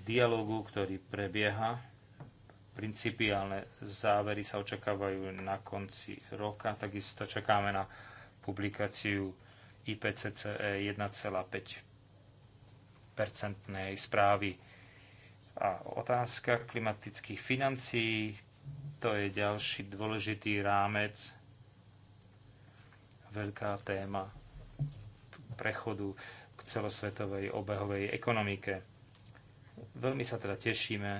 dialogu, ktorý prebieha. Principiálne závery sa očakávajú na konci roka, takisto čakáme na publikáciu IPCC 1,5-percentnej e správy a otázka klimatických financií, to je ďalší dôležitý rámec, veľká téma prechodu k celosvetovej obehovej ekonomike. Veľmi sa teda tešíme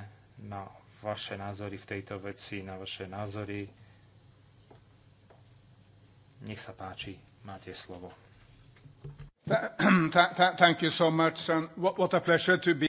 na vaše názory v tejto veci, na vaše názory nech sa páči, máte slovo. Thank you so much and what, what a pleasure to be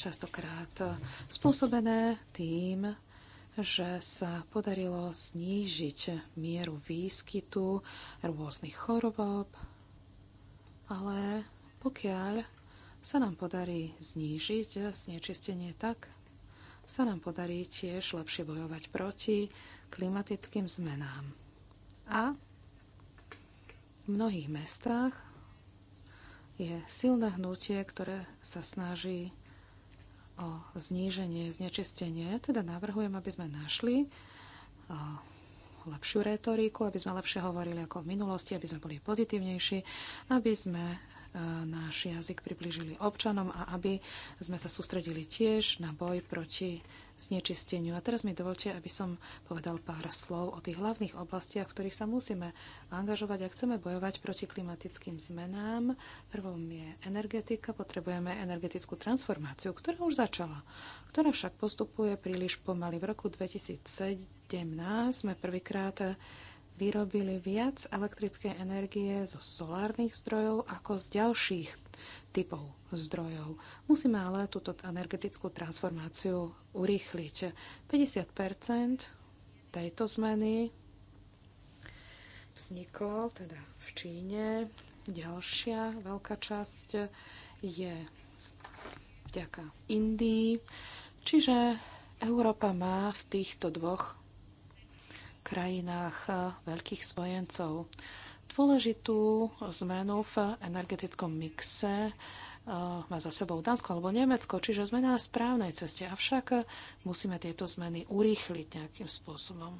častokrát eh, spôsobené tým, že sa podarilo znížiť mieru výskytu rôznych chorob, ale pokiaľ sa nám podarí znížiť znečistenie tak, sa nám podarí tiež lepšie bojovať proti klimatickým zmenám. A v mnohých mestách je silné hnutie, ktoré sa snaží o zníženie znečistenie, teda navrhujem, aby sme našli e, lepšiu retoriku, aby sme lepšie hovorili ako v minulosti, aby sme boli pozitívnejší, aby sme e, náš jazyk približili občanom a aby sme sa sústredili tiež na boj proti znečisteniu. A teraz mi dovolte, aby som povedal pár slov o tých hlavných oblastiach, v ktorých sa musíme angažovať a chceme bojovať proti klimatickým zmenám. Prvom je energetika, potrebujeme energetickú transformáciu, ktorá už začala, ktorá však postupuje príliš pomaly. V roku 2017 sme prvýkrát vyrobili viac elektrickej energie zo solárnych zdrojov ako z ďalších typov zdrojov. Musíme ale túto energetickú transformáciu urýchliť. 50 tejto zmeny vzniklo teda v Číne. Ďalšia veľká časť je vďaka Indii. Čiže Európa má v týchto dvoch krajinách eh, veľkých spojencov. Dôležitú zmenu v energetickom mixe eh, má za sebou Dánsko alebo Nemecko, čiže sme na správnej ceste. Avšak eh, musíme tieto zmeny urýchliť nejakým spôsobom.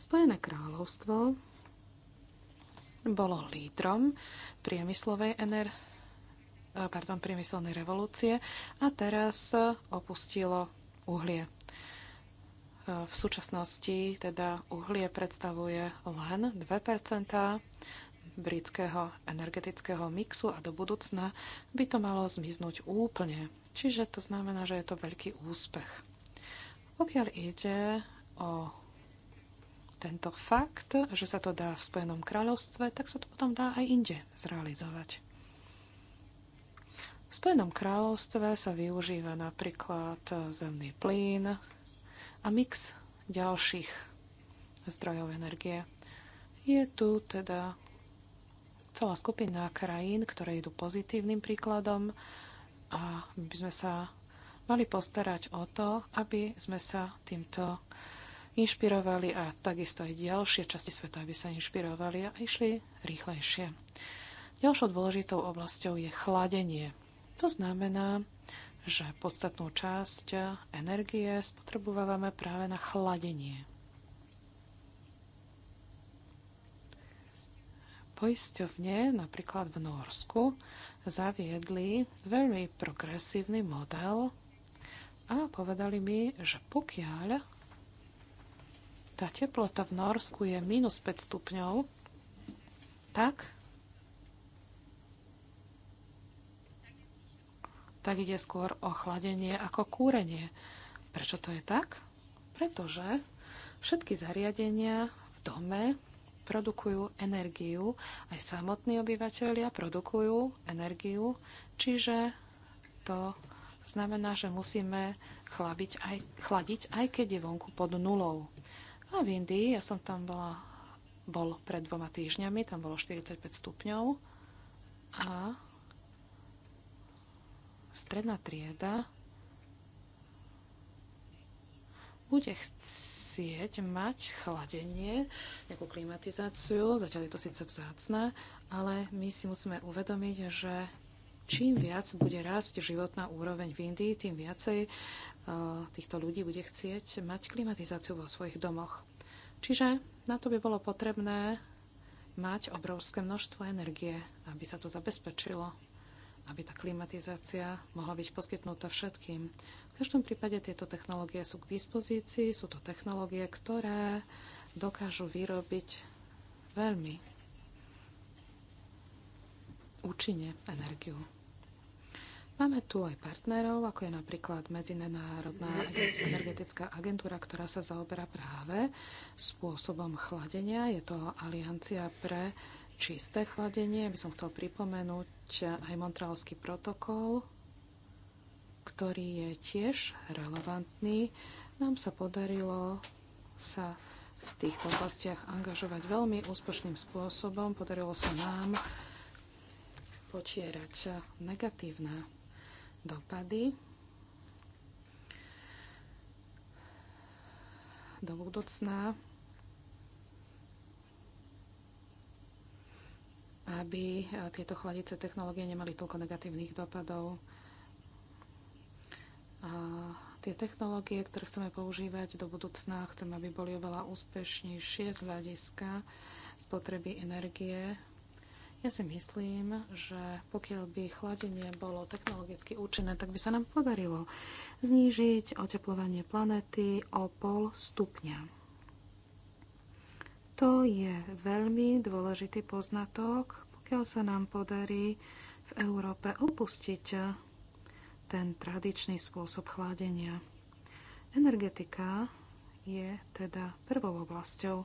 Spojené kráľovstvo bolo lídrom priemyslovej ener- eh, pardon, priemyselnej revolúcie a teraz opustilo uhlie. E, v súčasnosti teda uhlie predstavuje len 2 britského energetického mixu a do budúcna by to malo zmiznúť úplne. Čiže to znamená, že je to veľký úspech. Pokiaľ ide o tento fakt, že sa to dá v Spojenom kráľovstve, tak sa to potom dá aj inde zrealizovať. V Spojenom kráľovstve sa využíva napríklad zemný plyn, a mix ďalších zdrojov energie. Je tu teda celá skupina krajín, ktoré idú pozitívnym príkladom a my by sme sa mali postarať o to, aby sme sa týmto inšpirovali a takisto aj ďalšie časti sveta, aby sa inšpirovali a išli rýchlejšie. Ďalšou dôležitou oblasťou je chladenie. To znamená, že podstatnú časť energie spotrebovávame práve na chladenie. Poisťovne napríklad v Norsku zaviedli veľmi progresívny model a povedali mi, že pokiaľ tá teplota v Norsku je minus 5 stupňov, tak tak ide skôr o chladenie ako kúrenie. Prečo to je tak? Pretože všetky zariadenia v dome produkujú energiu, aj samotní obyvateľia produkujú energiu, čiže to znamená, že musíme chlabiť aj, chladiť, aj keď je vonku pod nulou. A v Indii, ja som tam bola, bol pred dvoma týždňami, tam bolo 45 stupňov a stredná trieda bude chcieť mať chladenie, nejakú klimatizáciu, zatiaľ je to síce vzácne, ale my si musíme uvedomiť, že čím viac bude rásť životná úroveň v Indii, tým viacej e, týchto ľudí bude chcieť mať klimatizáciu vo svojich domoch. Čiže na to by bolo potrebné mať obrovské množstvo energie, aby sa to zabezpečilo aby tá klimatizácia mohla byť poskytnutá všetkým. V každom prípade tieto technológie sú k dispozícii, sú to technológie, ktoré dokážu vyrobiť veľmi účinne energiu. Máme tu aj partnerov, ako je napríklad Medzinárodná energetická agentúra, ktorá sa zaoberá práve spôsobom chladenia. Je to Aliancia pre čisté chladenie. By som chcel pripomenúť, aj Montrealský protokol, ktorý je tiež relevantný. Nám sa podarilo sa v týchto oblastiach angažovať veľmi úspešným spôsobom. Podarilo sa nám potierať negatívne dopady do budúcna aby eh, tieto chladice technológie nemali toľko negatívnych dopadov. A tie technológie, ktoré chceme používať do budúcna, chceme, aby boli oveľa úspešnejšie z hľadiska spotreby energie. Ja si myslím, že pokiaľ by chladenie bolo technologicky účinné, tak by sa nám podarilo znížiť oteplovanie planéty o pol stupňa. To je veľmi dôležitý poznatok, pokiaľ sa nám podarí v Európe opustiť ten tradičný spôsob chladenia. Energetika je teda prvou oblasťou,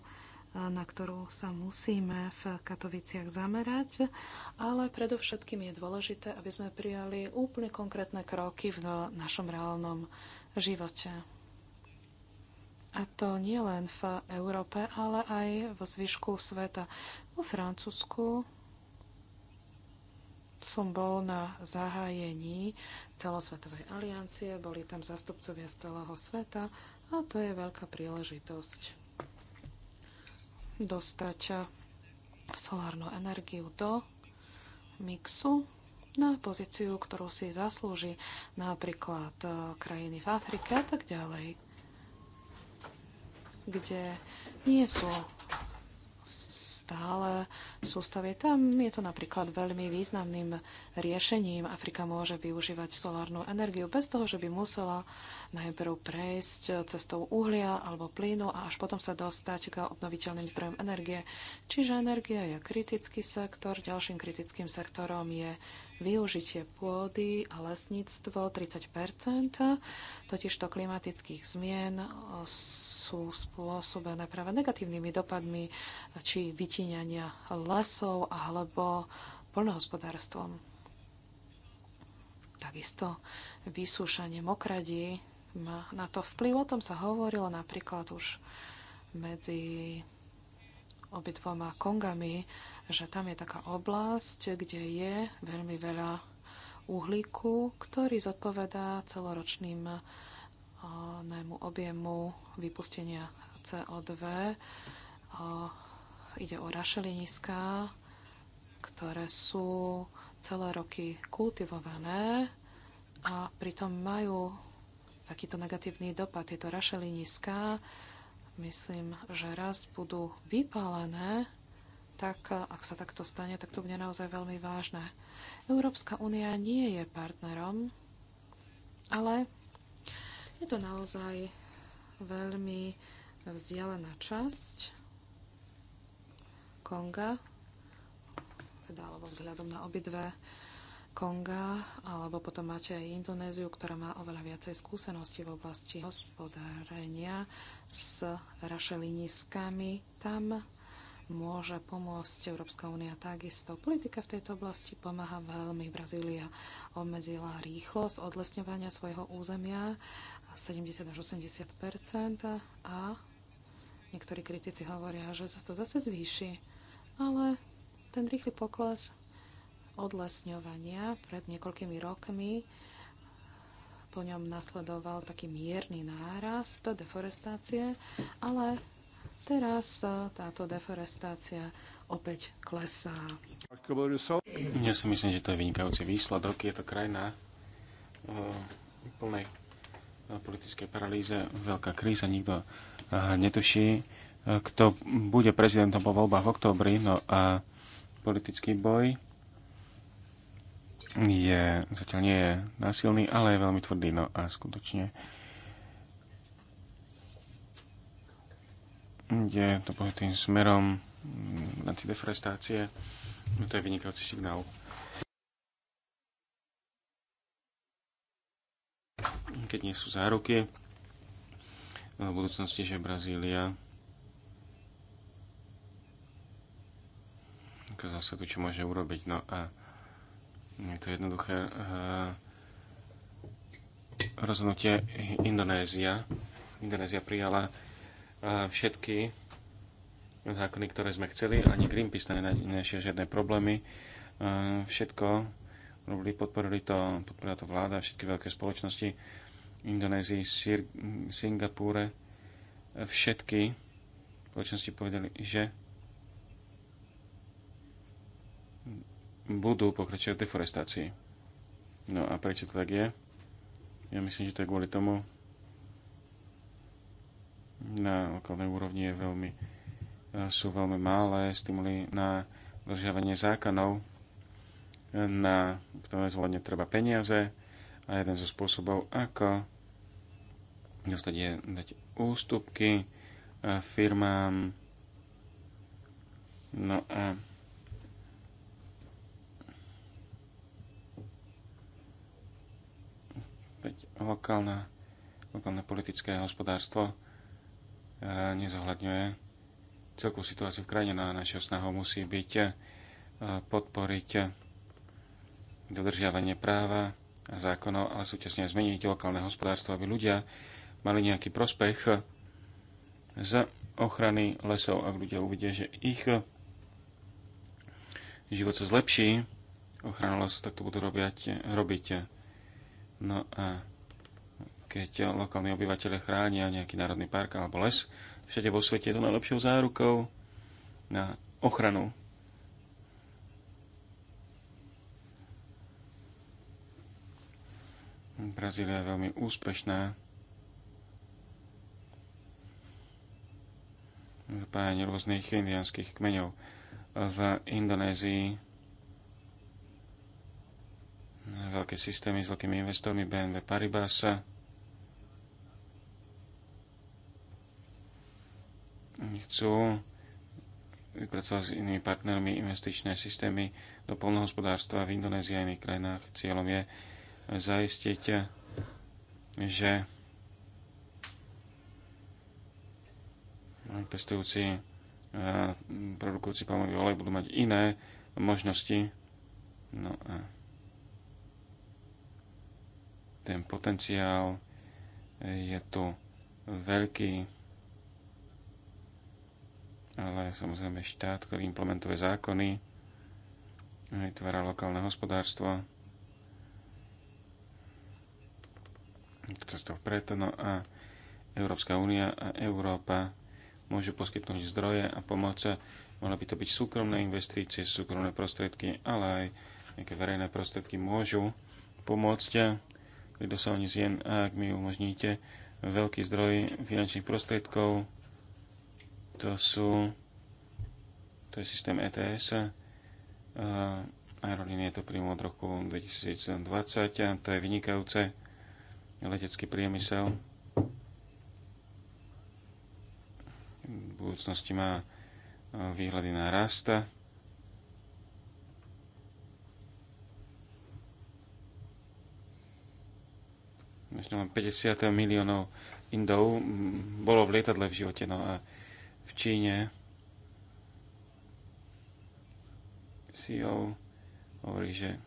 na ktorú sa musíme v Katoviciach zamerať, ale predovšetkým je dôležité, aby sme prijali úplne konkrétne kroky v našom reálnom živote. A to nie len v Európe, ale aj v zvyšku sveta. Vo Francúzsku som bol na zahájení celosvetovej aliancie, boli tam zastupcovia z celého sveta a to je veľká príležitosť dostať solárnu energiu do mixu na pozíciu, ktorú si zaslúži napríklad eh, krajiny v Afrike a tak ďalej kde nie sú stále sústavy. Tam je to napríklad veľmi významným riešením. Afrika môže využívať solárnu energiu bez toho, že by musela najprv prejsť cestou uhlia alebo plynu a až potom sa dostať k obnoviteľným zdrojom energie. Čiže energia je kritický sektor. Ďalším kritickým sektorom je využitie pôdy a lesníctvo 30 totižto klimatických zmien e, sú spôsobené práve negatívnymi dopadmi či vytíňania lesov alebo poľnohospodárstvom. Takisto vysúšanie mokradí má na to vplyv. O tom sa hovorilo napríklad už medzi obidvoma kongami že tam je taká oblasť, kde je veľmi veľa uhlíku, ktorý zodpovedá celoročným najmu objemu vypustenia CO2. Ide o rašeliniská, ktoré sú celé roky kultivované a pritom majú takýto negatívny dopad. Tieto rašeliniská, myslím, že raz budú vypálené tak eh, ak sa takto stane, tak to bude naozaj veľmi vážne. Európska únia nie je partnerom, ale je to naozaj veľmi vzdialená časť Konga, teda alebo vzhľadom na obidve Konga, alebo potom máte aj Indonéziu, ktorá má oveľa viacej skúseností v oblasti hospodárenia s rašeliniskami. Tam môže pomôcť Európska únia takisto. Politika v tejto oblasti pomáha veľmi. Brazília obmedzila rýchlosť odlesňovania svojho územia 70 až 80 a niektorí kritici hovoria, že sa to zase zvýši. Ale ten rýchly pokles odlesňovania pred niekoľkými rokmi po ňom nasledoval taký mierny nárast deforestácie, ale Teraz táto deforestácia opäť klesá. Ja si myslím, že to je vynikajúci výsledok. Je to krajina e, plnej e, politickej paralýze, veľká kríza, nikto e, netuší, kto bude prezidentom po voľbách v októbri, no a politický boj je, zatiaľ nie je násilný, ale je veľmi tvrdý, no a skutočne kde to bude tým smerom antideforestácie. Mm, no to je vynikajúci signál. Keď nie sú záruky, v budúcnosti, že Brazília ako zase to, čo môže urobiť. No a je to jednoduché eh, rozhodnutie Indonézia. Indonézia prijala všetky zákony, ktoré sme chceli, ani Greenpeace nenašiel žiadne problémy. Všetko robili, podporili to, podporila to vláda, všetky veľké spoločnosti Indonézii, Sir, Singapúre, všetky spoločnosti povedali, že budú pokračovať v deforestácii. No a prečo to tak je? Ja myslím, že to je kvôli tomu, na lokálnej úrovni je veľmi, e, sú veľmi malé stimuly na dodržiavanie zákonov. E, na ktoré zvolenie treba peniaze a jeden zo spôsobov, ako dostať je dať ústupky e, firmám. No a lokálne, lokálne politické hospodárstvo nezohľadňuje celkú situáciu v krajine. No našou snahou musí byť e, podporiť dodržiavanie práva a zákonov, ale súčasne aj zmeniť lokálne hospodárstvo, aby ľudia mali nejaký prospech z ochrany lesov, ak ľudia uvidia, že ich život sa zlepší, ochrana lesov, tak to budú robiať, robiť. No a keď lokálni obyvateľe chránia nejaký národný park alebo les, všade vo svete je to najlepšou zárukou na ochranu. Brazília je veľmi úspešná. Zapájanie rôznych indianských kmeňov v Indonézii veľké systémy s veľkými investormi BNB Paribas chcú vypracovať s inými partnermi investičné systémy do polnohospodárstva v Indonézii a iných krajinách. Cieľom je zaistiť, že pestujúci produkujúci palmový olej budú mať iné možnosti. No a ten potenciál je tu veľký ale samozrejme štát, ktorý implementuje zákony, vytvára lokálne hospodárstvo, cestou preto. no a Európska únia a Európa môžu poskytnúť zdroje a pomoc. Mohla by to byť súkromné investície, súkromné prostriedky, ale aj nejaké verejné prostriedky môžu pomôcť pri dosahovaní zien, ak mi umožníte veľký zdroj finančných prostriedkov, to sú to je systém ETS. je to príjmu od roku 2020 a to je vynikajúce. Letecký priemysel v budúcnosti má výhľady na rast. Možno len 50 miliónov Indov bolo v lietadle v živote. No a Číne CEO hovorí, že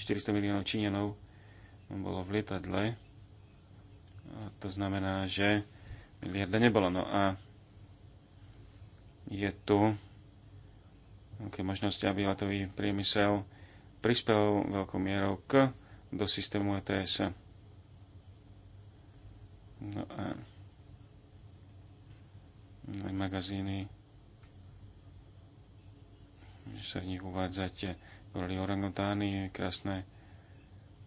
400 miliónov Číňanov bolo v lietadle. A to znamená, že miliarda nebolo. No a je tu veľké možnosti, aby letový priemysel prispel veľkou mierou k do systému ETS. No a magazíny, že sa v nich uvádzate eh, boli orangutány, krásne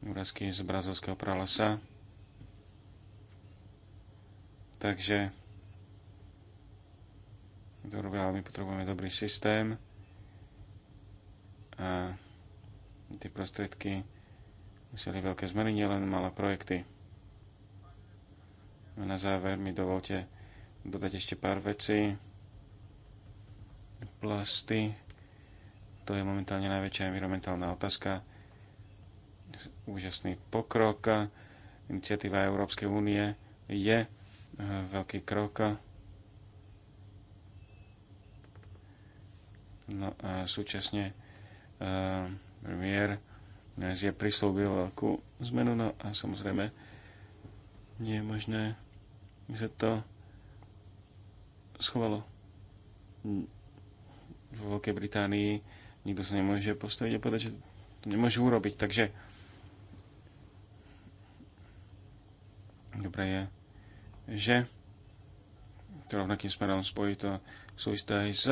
úrazky z brazovského pralesa. Takže to robia, ale my potrebujeme dobrý systém a tie prostriedky museli veľké zmeny, nielen malé projekty. A na záver mi dovolte dodať ešte pár vecí. Plasty, to je momentálne najväčšia environmentálna otázka. Úžasný pokrok. Iniciatíva Európskej únie je veľký krok. No a súčasne uh, eh, premiér dnes je prislúbil veľkú zmenu, no a samozrejme nie je možné, že to schovalo v Veľkej Británii. Nikto sa nemôže postaviť a povedať, že to nemôže urobiť. Takže dobre je, že to rovnakým smerom spojí to súvisť aj s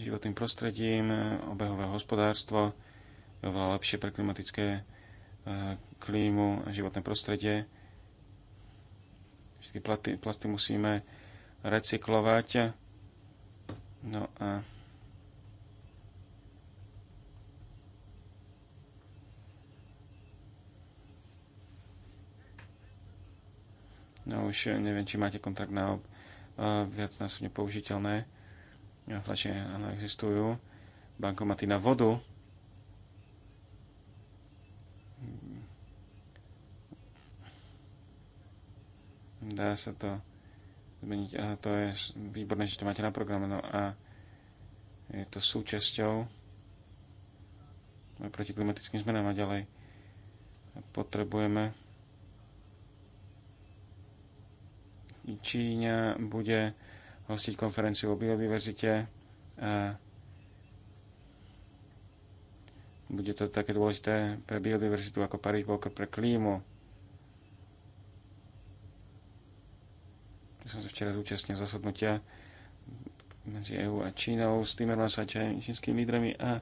životným prostredím, obehové hospodárstvo, oveľa lepšie pre klimatické eh, klímu a životné prostredie. Všetky plasty musíme recyklovať. No a No už neviem, či máte kontrakt na násobne použiteľné. No, flaše áno, existujú. Bankomaty na vodu. Dá sa to zmeniť. A to je výborné, že to máte na programe. No a je to súčasťou proti klimatickým zmenám a ďalej potrebujeme Číňa bude hostiť konferenciu o biodiverzite a bude to také dôležité pre biodiverzitu ako Paris Walker pre klímu. Ja som sa včera zúčastnil zasadnutia medzi EU a Čínou s tým sa čínskymi lídrami a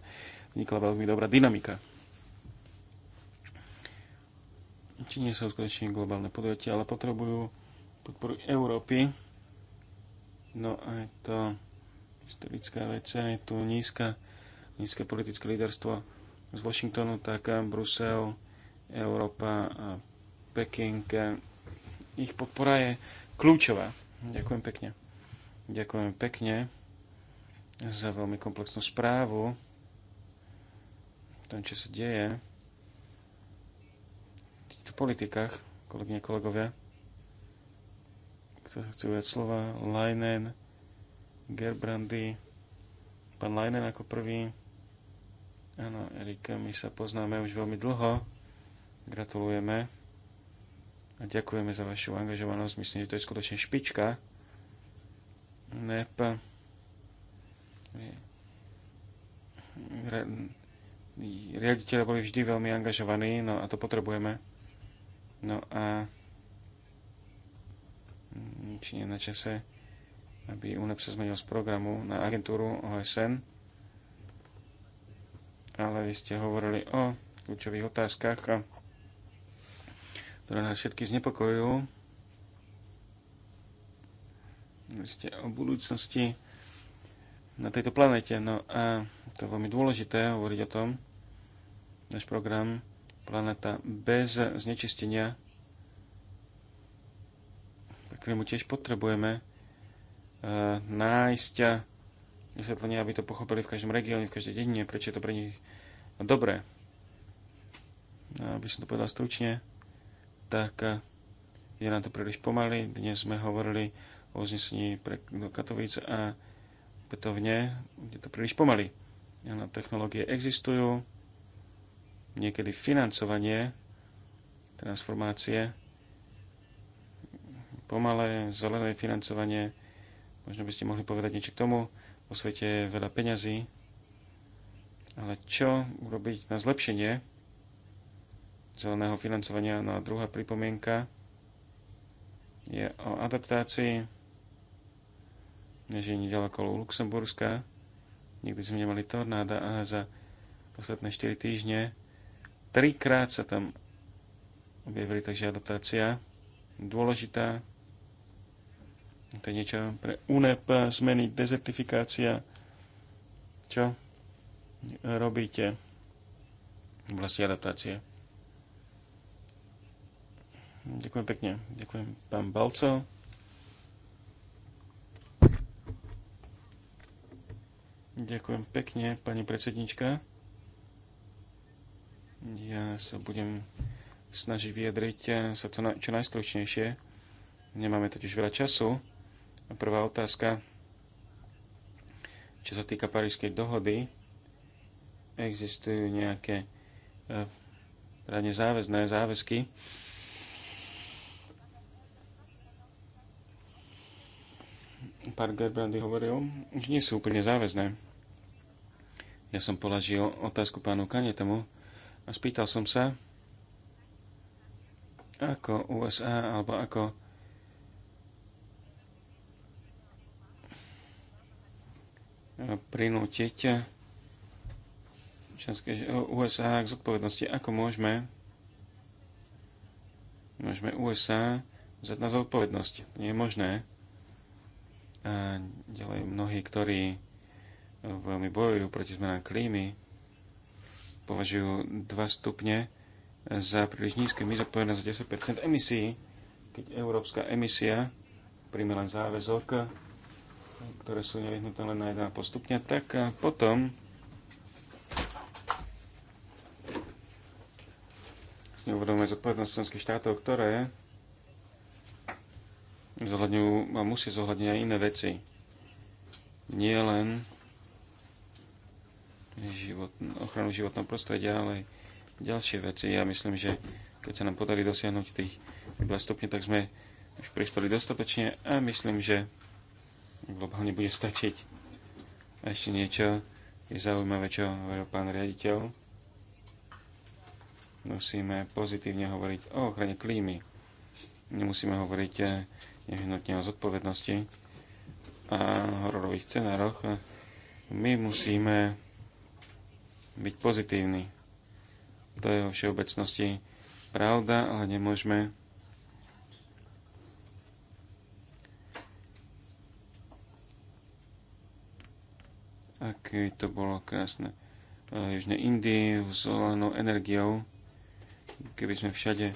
vznikla veľmi dobrá dynamika. Číne sa uskutočne globálne podujatia, ale potrebujú podporu Európy. No a je to historická vec, je tu nízka, nízke politické líderstvo z Washingtonu, tak Brusel, Európa a Peking. Ich podpora je kľúčová. Ďakujem pekne. Ďakujem pekne za veľmi komplexnú správu To, čo sa deje v týchto politikách, kolegyne, kolegovia. Kto sa chce uvedať slova? Leinen, Gerbrandy, pán Leinen ako prvý. Áno, Erika, my sa poznáme už veľmi dlho. Gratulujeme. A ďakujeme za vašu angažovanosť. Myslím, že to je skutočne špička. NEP. Riaditeľe boli vždy veľmi angažovaní, no a to potrebujeme. No a či nie na čase, aby UNEP sa zmenil z programu na agentúru OSN. Ale vy ste hovorili o kľúčových otázkach ktoré nás všetky znepokojujú. Ste o budúcnosti na tejto planete. No a to je veľmi dôležité hovoriť o tom. Náš program Planeta bez znečistenia mu tiež potrebujeme uh, nájsť vysvetlenie, aby to pochopili v každom regióne, v každej dedine, prečo je to pre nich dobré. No, aby som to povedal stručne, tak eh, je nám to príliš pomaly. Dnes sme hovorili o uznesení pre Katovice a petovne je to príliš pomaly. Ale technológie existujú, niekedy financovanie transformácie, pomalé, zelené financovanie, možno by ste mohli povedať niečo k tomu, vo svete je veľa peňazí, ale čo urobiť na zlepšenie zeleného financovania. No a druhá pripomienka je o adaptácii. Než je nedaleko Luxemburska. Nikdy sme nemali tornáda a za posledné 4 týždne trikrát sa tam objavili, takže adaptácia dôležitá. To je niečo pre UNEP, zmeny, dezertifikácia. Čo robíte v oblasti adaptácie? Ďakujem pekne. Ďakujem pán Balco. Ďakujem pekne, pani predsednička. Ja sa budem snažiť vyjadriť eh, sa čo, na, čo najstručnejšie. Nemáme totiž veľa času. Prvá otázka, čo sa týka Parížskej dohody, existujú nejaké právne eh, záväzné záväzky pár Gerbrandy hovoril, už nie sú úplne záväzné. Ja som položil otázku pánu Kanetemu a spýtal som sa, ako USA alebo ako prinútiť USA k zodpovednosti, ako môžeme môžeme USA vzať na zodpovednosť. Nie je možné ďalej mnohí, ktorí veľmi bojujú proti zmenám klímy, považujú 2 stupne za príliš nízke. My zodpovedná za 10 emisí, keď európska emisia príjme len záväzok, ktoré sú nevyhnutné len na 1,5 stupňa, tak potom si neuvedomujeme zodpovednosť členských štátov, ktoré zohľadňujú a musia zohľadniť aj iné veci. Nie len život, ochranu životného prostredia, ale aj ďalšie veci. Ja myslím, že keď sa nám podarí dosiahnuť tých 2 stupne, tak sme už prispeli dostatočne a myslím, že globálne bude stačiť. A ešte niečo je zaujímavé, čo hovoril pán riaditeľ. Musíme pozitívne hovoriť o ochrane klímy. Nemusíme hovoriť eh, nehnutne o zodpovednosti a hororových scenároch, my musíme byť pozitívni. To je vo všeobecnosti pravda, ale nemôžeme aké to bolo krásne. Eh, Južnej Indii s zelenou energiou, keby sme všade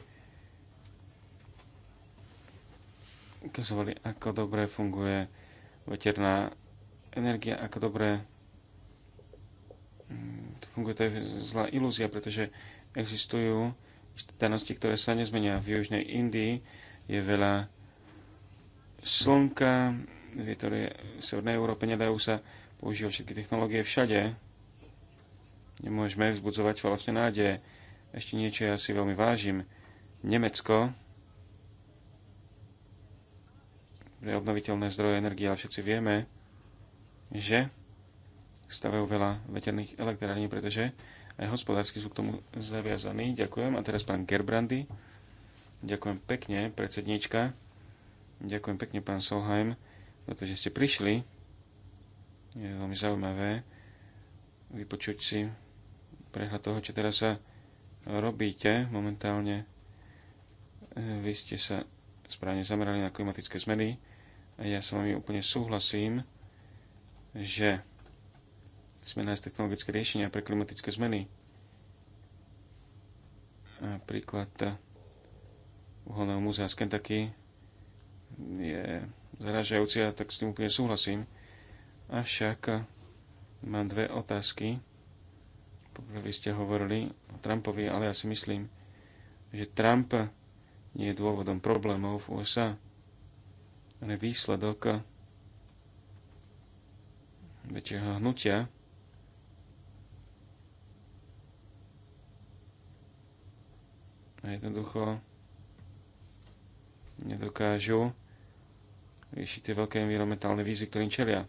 ukazovali, ako dobre funguje veterná energia, ako dobre to mm, funguje, to je zlá ilúzia, pretože existujú danosti, ktoré sa nezmenia. V južnej Indii je veľa slnka, vietor je v Severnej Európe, nedajú sa používať všetky technológie všade. Nemôžeme vzbudzovať vlastne nádeje. Ešte niečo ja si veľmi vážim. Nemecko pre obnoviteľné zdroje energie, ale všetci vieme, že stavajú veľa veterných elektrární, pretože aj hospodársky sú k tomu zaviazaní. Ďakujem. A teraz pán Gerbrandy. Ďakujem pekne, predsedníčka. Ďakujem pekne, pán Solheim, za to, že ste prišli. Je veľmi zaujímavé vypočuť si prehľad toho, čo teraz sa robíte momentálne. Vy ste sa správne zamerali na klimatické zmeny ja s vami úplne súhlasím, že sme nájsť technologické riešenia pre klimatické zmeny. Napríklad eh, uholného múzea z Kentucky je zaražajúci a tak s tým úplne súhlasím. Avšak eh, mám dve otázky. Poprvé by ste hovorili o Trumpovi, ale ja si myslím, že Trump nie je dôvodom problémov v USA je výsledok väčšieho hnutia, a jednoducho nedokážu riešiť tie veľké environmentálne výzvy, ktorým čelia.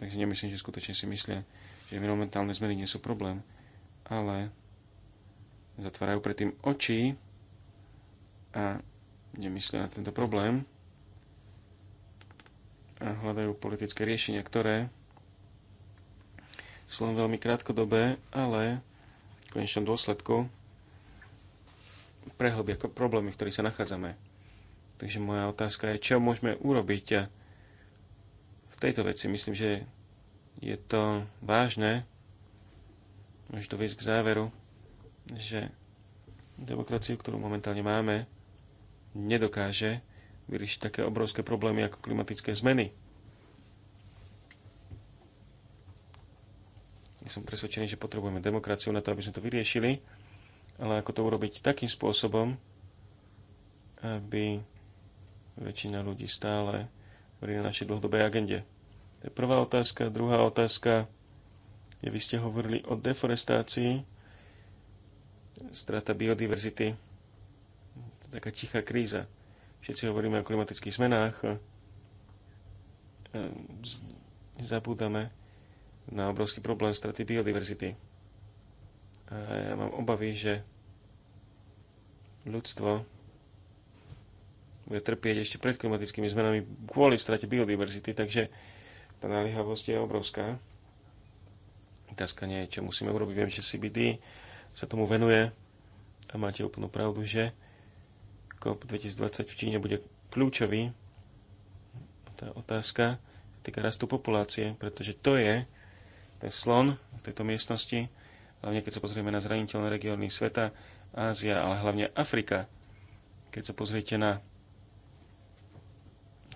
Takže nemyslím, že skutočne si myslia, že environmentálne zmeny nie sú problém, ale zatvárajú predtým oči a nemyslia na tento problém a hľadajú politické riešenia, ktoré sú len veľmi krátkodobé, ale v konečnom dôsledku prehlbia problémy, v ktorých sa nachádzame. Takže moja otázka je, čo môžeme urobiť v tejto veci. Myslím, že je to vážne, môže to viesť k záveru, že demokraciu, ktorú momentálne máme, nedokáže vyriešiť také obrovské problémy ako klimatické zmeny. Ja som presvedčený, že potrebujeme demokraciu na to, aby sme to vyriešili, ale ako to urobiť takým spôsobom, aby väčšina ľudí stále boli na našej dlhodobej agende. To je prvá otázka. Druhá otázka je, vy ste hovorili o deforestácii, strata biodiverzity, to je taká tichá kríza všetci hovoríme o klimatických zmenách, e, zabúdame na obrovský problém straty biodiverzity. A ja mám obavy, že ľudstvo bude trpieť ešte pred klimatickými zmenami kvôli strate biodiverzity, takže tá naliehavosť je obrovská. Otázka nie je, čo musíme urobiť. Viem, že CBD sa tomu venuje a máte úplnú pravdu, že COP 2020 v Číne bude kľúčový. Tá otázka týka rastu populácie, pretože to je ten slon v tejto miestnosti, hlavne keď sa pozrieme na zraniteľné regióny sveta, Ázia, ale hlavne Afrika. Keď sa pozriete na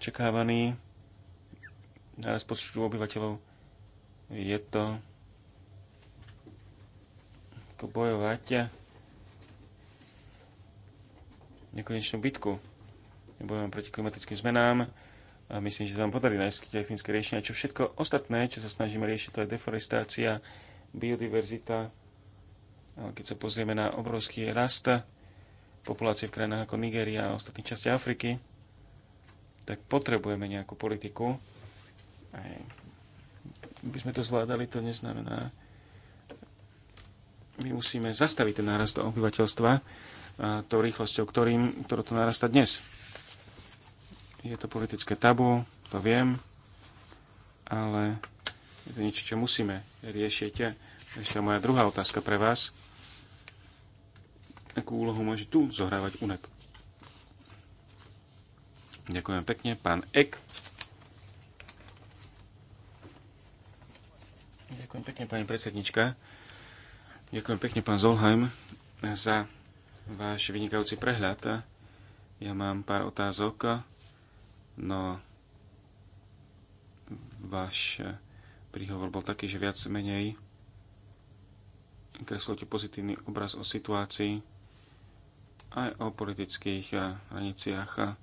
očakávaný naraz počtu obyvateľov, je to ako bojovať nekonečnú bitku. Nebojujeme proti klimatickým zmenám. A myslím, že sa nám podarí nájsť technické riešenia. Čo všetko ostatné, čo sa snažíme riešiť, to je deforestácia, biodiverzita. Ale keď sa pozrieme na obrovský rast populácie v krajinách ako Nigéria a ostatných časti Afriky, tak potrebujeme nejakú politiku. Aj by sme to zvládali, to neznamená, my musíme zastaviť ten nárast obyvateľstva tou rýchlosťou, ktorým, ktorú to narasta dnes. Je to politické tabu, to viem, ale je to niečo, čo musíme riešiť. Ešte moja druhá otázka pre vás. Akú úlohu môže tu zohrávať UNEP? Ďakujem pekne. Pán Ek. Ďakujem pekne, pani predsednička. Ďakujem pekne, pán Zolheim, za váš vynikajúci prehľad. Ja mám pár otázok. No, váš príhovor bol taký, že viac menej kreslíte pozitívny obraz o situácii aj o politických hraniciach.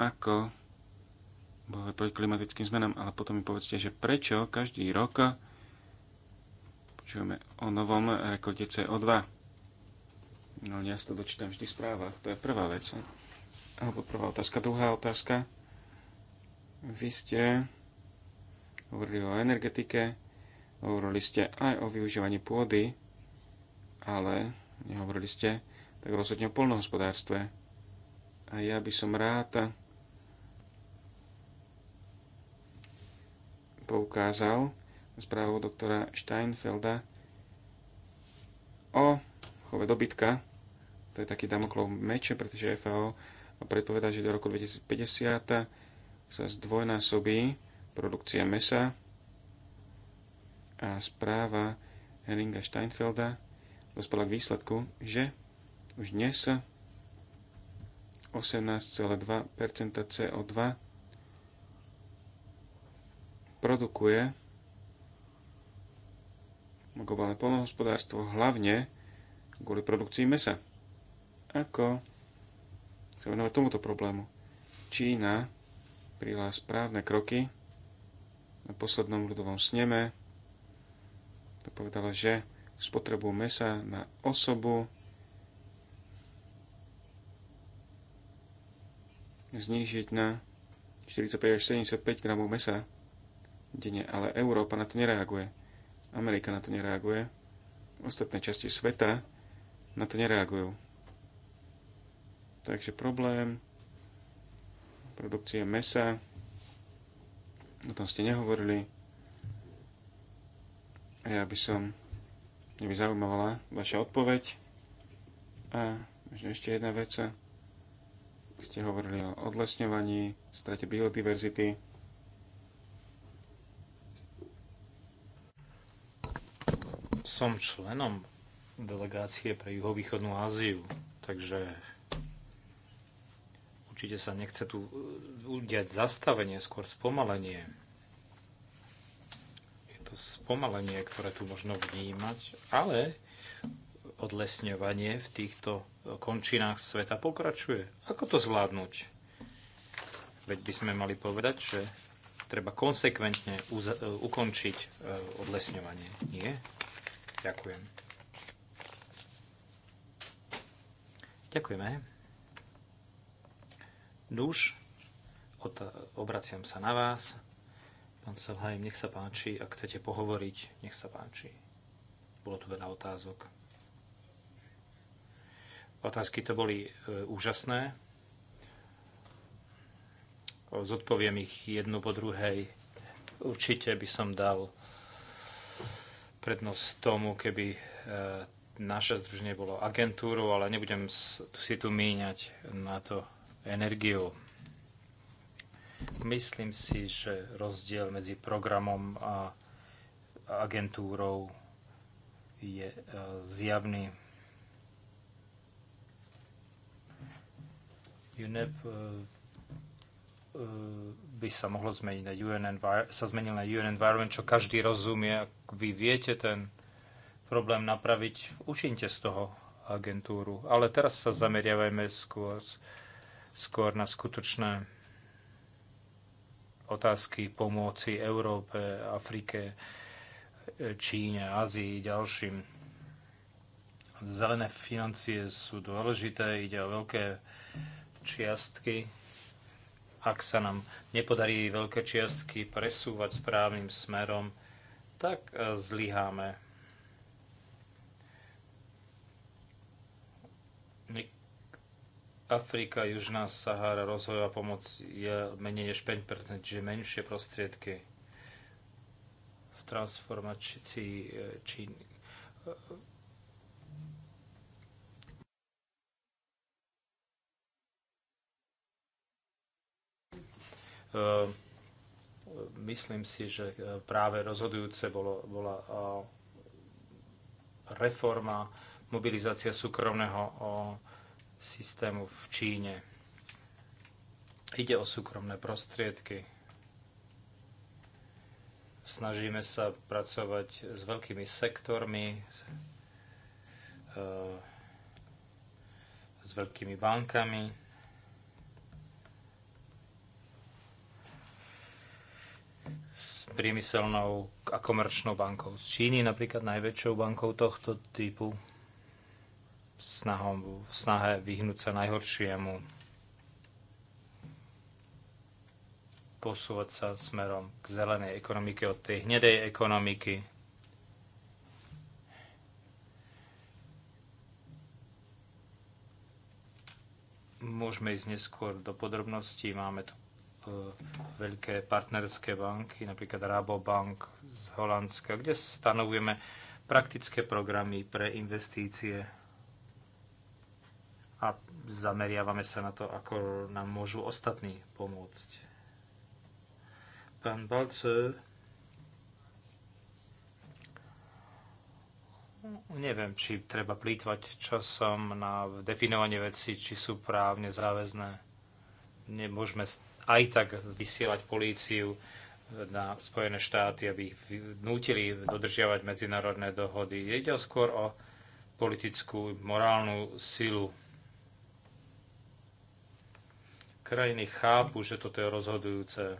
Ako bojovať proti klimatickým zmenám, ale potom mi povedzte, že prečo každý rok počujeme o novom rekorde CO2 No, ja to dočítam vždy v správach. To je prvá vec. Alebo prvá otázka. Druhá otázka. Vy ste hovorili o energetike, hovorili ste aj o využívaní pôdy, ale nehovorili ste tak rozhodne o polnohospodárstve. A ja by som rád poukázal správu doktora Steinfelda o chove dobytka, to je taký damoklov meč, pretože FAO predpovedá, že do roku 2050 sa zdvojnásobí produkcia mesa a správa Heringa Steinfelda dospela k výsledku, že už dnes 18,2% CO2 produkuje globálne polnohospodárstvo hlavne kvôli produkcii mesa ako sa venovať tomuto problému. Čína prijela správne kroky na poslednom ľudovom sneme. To povedala, že spotrebu mesa na osobu znížiť na 45 až 75 gramov mesa denne, ale Európa na to nereaguje. Amerika na to nereaguje. Ostatné časti sveta na to nereagujú. Takže problém produkcie mesa, o tom ste nehovorili. A ja by som, mňa by zaujímavala vaša odpoveď. A možno ešte jedna vec. Ste hovorili o odlesňovaní, strate biodiverzity. Som členom delegácie pre juhovýchodnú Áziu, takže Určite sa nechce tu e, udiať zastavenie, skôr spomalenie. Je to spomalenie, ktoré tu možno vnímať, ale odlesňovanie v týchto končinách sveta pokračuje. Ako to zvládnuť? Veď by sme mali povedať, že treba konsekventne e, ukončiť e, odlesňovanie. Nie? Ďakujem. Ďakujeme. Nuž, obraciam sa na vás. Pán Selheim, nech sa páči, ak chcete pohovoriť, nech sa páči. Bolo tu veľa otázok. Otázky to boli e, úžasné. Zodpoviem ich jednu po druhej. Určite by som dal prednosť tomu, keby e, naše združenie bolo agentúrou, ale nebudem si tu míňať na to, energiu. Myslím si, že rozdiel medzi programom a agentúrou je e, zjavný. UNEP e, e, by sa mohlo zmeniť na UN sa zmenil na UN Environment, čo každý rozumie. Ak vy viete ten problém napraviť, učinite z toho agentúru. Ale teraz sa zameriavajme skôr skôr na skutočné otázky pomoci Európe, Afrike, Číne, Ázii, ďalším. Zelené financie sú dôležité, ide o veľké čiastky. Ak sa nám nepodarí veľké čiastky presúvať správnym smerom, tak eh, zlyháme Afrika, Južná Sahara, rozvojová pomoc je menej než 5%, čiže menšie prostriedky v transformácii eh, Číny. Eh, myslím si, že eh, práve rozhodujúce bolo, bola reforma, mobilizácia súkromného systému v Číne. Ide o súkromné prostriedky. Snažíme sa pracovať s veľkými sektormi, eh, s veľkými bankami. S priemyselnou a komerčnou bankou z Číny, napríklad najväčšou bankou tohto typu snahom, v snahe vyhnúť sa najhoršiemu, posúvať sa smerom k zelenej ekonomike od tej hnedej ekonomiky. Môžeme ísť neskôr do podrobností. Máme tu e, veľké partnerské banky, napríklad Rabobank z Holandska, kde stanovujeme praktické programy pre investície zameriavame sa na to, ako nám môžu ostatní pomôcť. Pán Balce, neviem, či treba plýtvať časom na definovanie veci, či sú právne záväzné. Nemôžeme aj tak vysielať políciu na Spojené štáty, aby ich nutili dodržiavať medzinárodné dohody. Ide skôr o politickú, morálnu silu Krajiny chápu, že toto je rozhodujúce.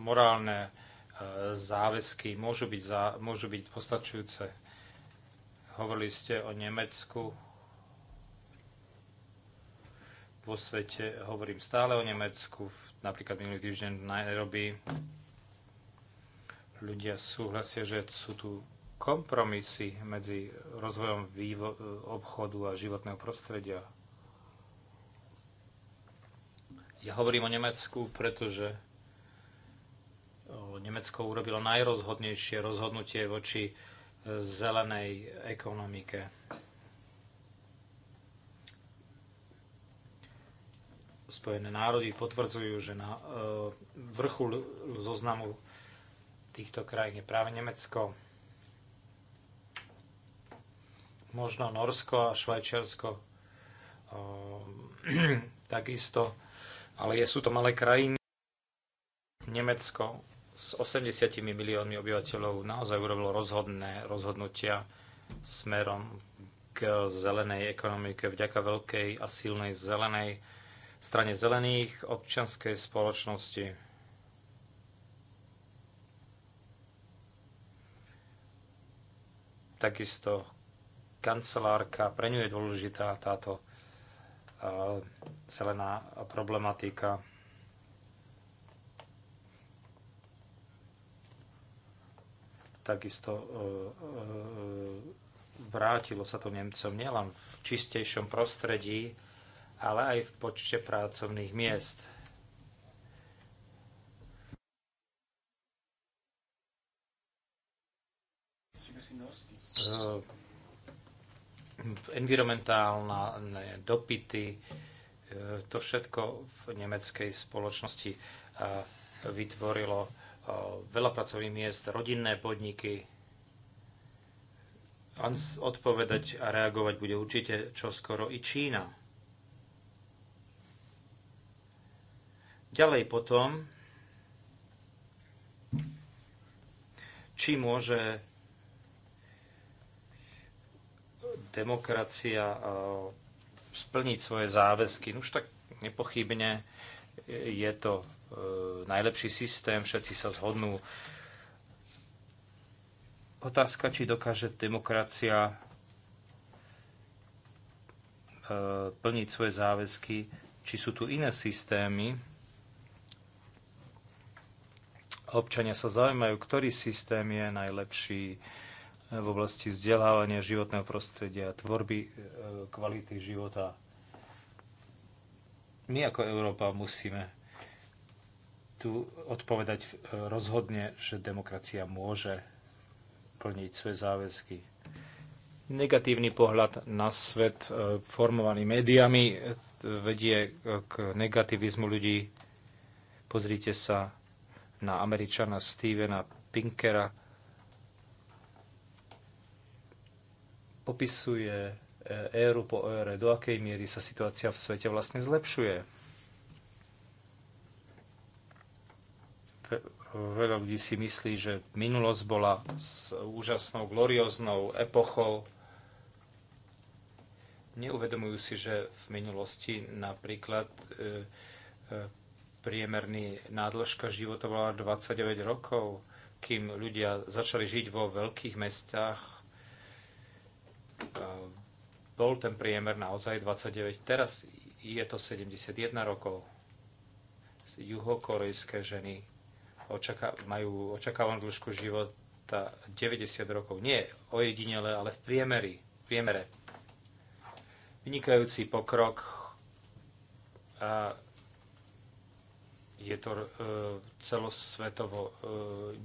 Morálne e, záväzky môžu byť, za, môžu byť postačujúce. Hovorili ste o Nemecku. Vo svete hovorím stále o Nemecku. Napríklad minulý týždeň v Nairobi ľudia súhlasia, že sú tu kompromisy medzi rozvojom vývo- obchodu a životného prostredia. Ja hovorím o Nemecku, pretože Nemecko urobilo najrozhodnejšie rozhodnutie voči e, zelenej ekonomike. Spojené národy potvrdzujú, že na e, vrchu zoznamu týchto krajín je práve Nemecko. Možno Norsko a Švajčiarsko eh, takisto, ale sú to malé krajiny. Nemecko s 80 miliónmi obyvateľov naozaj urobilo rozhodné rozhodnutia smerom k zelenej ekonomike vďaka veľkej a silnej zelenej strane zelených občianskej spoločnosti. Takisto kancelárka, pre ňu je dôležitá táto zelená problematika. Takisto e, e, vrátilo sa to Nemcom nielen v čistejšom prostredí, ale aj v počte pracovných miest. Eh, environmentálne dopity, eh, to všetko v nemeckej spoločnosti eh, vytvorilo veľa pracovných miest, rodinné podniky. Odpovedať a reagovať bude určite čoskoro i Čína. Ďalej potom, či môže demokracia splniť svoje záväzky. No už tak nepochybne je to e, najlepší systém, všetci sa zhodnú. Otázka, či dokáže demokracia e, plniť svoje záväzky, či sú tu iné systémy. Občania sa zaujímajú, ktorý systém je najlepší, v oblasti vzdelávania životného prostredia, tvorby e, kvality života. My ako Európa musíme tu odpovedať e, rozhodne, že demokracia môže plniť svoje záväzky. Negatívny pohľad na svet e, formovaný médiami vedie k negativizmu ľudí. Pozrite sa na američana Stevena Pinkera, popisuje eh, éru po ére, do akej miery sa situácia v svete vlastne zlepšuje. Veľa ľudí si myslí, že minulosť bola s úžasnou, glorióznou epochou. Neuvedomujú si, že v minulosti napríklad e, e, priemerný nádložka života bola 29 rokov, kým ľudia začali žiť vo veľkých mestách, Ehm, bol ten priemer naozaj 29, teraz je to 71 rokov. Juhokorejské ženy očaká, majú očakávanú dĺžku života 90 rokov. Nie ojedinele, ale v priemeri, priemere. Vynikajúci pokrok a je to ehm, celosvetovo ehm,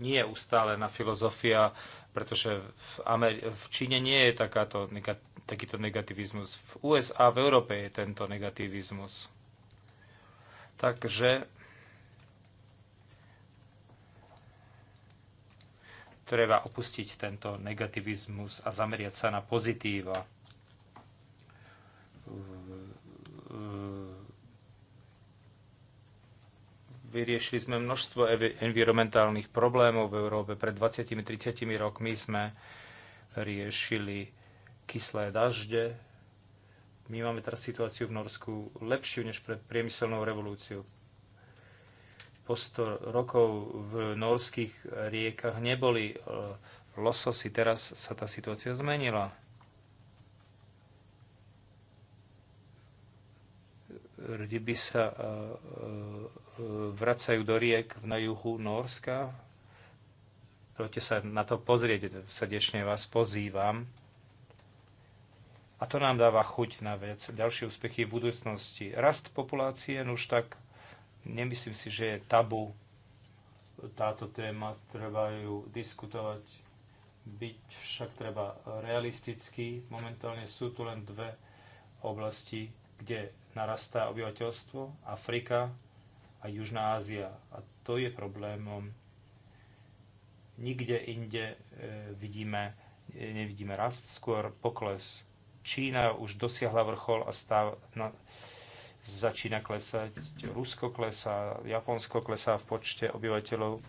nie ustálená filozofia pretože v, Ameri- v Číne nie je takáto, takýto negativizmus. V USA, v Európe je tento negativizmus. Takže treba opustiť tento negativizmus a zameriať sa na pozitíva Vyriešili sme množstvo environmentálnych problémov v Európe. Pred 20-30 rokmi sme riešili kyslé dažde. My máme teraz situáciu v Norsku lepšiu než pred priemyselnou revolúciou. Po 100 rokov v norských riekach neboli e, lososy, teraz sa tá situácia zmenila ryby sa e, e, vracajú do riek na juhu Norska. Poďte sa na to pozrieť, srdečne vás pozývam. A to nám dáva chuť na vec. Ďalšie úspechy v budúcnosti. Rast populácie, no už tak nemyslím si, že je tabu táto téma, ju diskutovať, byť však treba realistický. Momentálne sú tu len dve oblasti, kde narastá obyvateľstvo, Afrika a Južná Ázia. A to je problémom. Nikde inde e, vidíme, e, nevidíme rast, skôr pokles. Čína už dosiahla vrchol a stav na, začína klesať. Rusko klesá, Japonsko klesá v počte obyvateľov.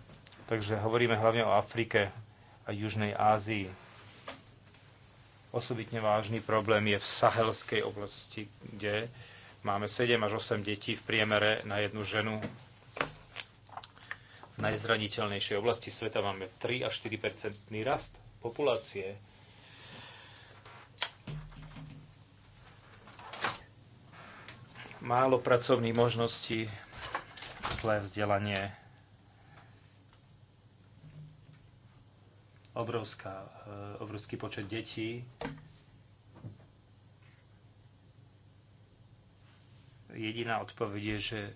Takže hovoríme hlavne o Afrike a Južnej Ázii. Osobitne vážny problém je v sahelskej oblasti, kde máme 7 až 8 detí v priemere na jednu ženu. V najzraniteľnejšej oblasti sveta máme 3 až 4 percentný rast populácie. Málo pracovných možností, zlé vzdelanie, obrovská, eh, obrovský počet detí. Jediná odpoveď je, že eh,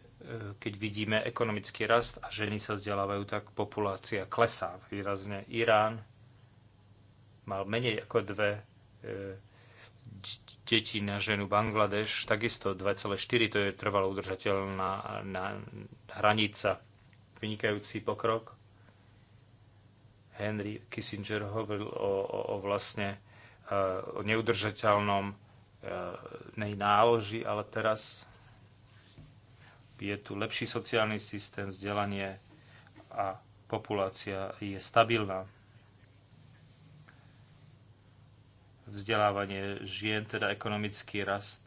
keď vidíme ekonomický rast a ženy sa vzdelávajú, tak populácia klesá výrazne. Irán mal menej ako dve eh, deti na ženu Bangladeš, takisto 2,4, to je trvalo udržateľná na hranica, vynikajúci pokrok. Henry Kissinger hovoril o, o, o vlastne eh, o neudržateľnom eh, náloži, ale teraz je tu lepší sociálny systém, vzdelanie a populácia je stabilná. Vzdelávanie žien, teda ekonomický rast,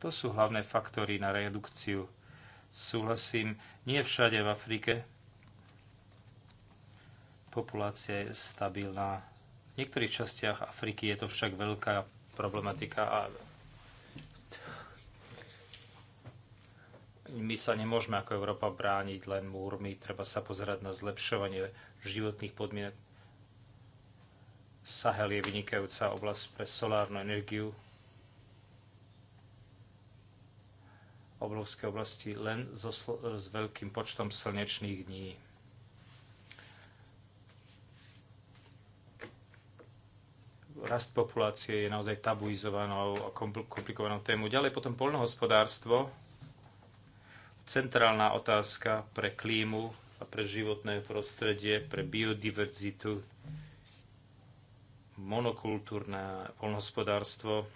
to sú hlavné faktory na redukciu. Súhlasím, nie všade v Afrike Populácia je stabilná. V niektorých častiach Afriky je to však veľká problematika a my sa nemôžeme ako Európa brániť len múrmi, treba sa pozerať na zlepšovanie životných podmienok. Sahel je vynikajúca oblasť pre solárnu energiu. Obrovské oblasti len so, s veľkým počtom slnečných dní. rast populácie je naozaj tabuizovanou a komplikovanou tému. Ďalej potom polnohospodárstvo, centrálna otázka pre klímu a pre životné prostredie, pre biodiverzitu, monokultúrne polnohospodárstvo,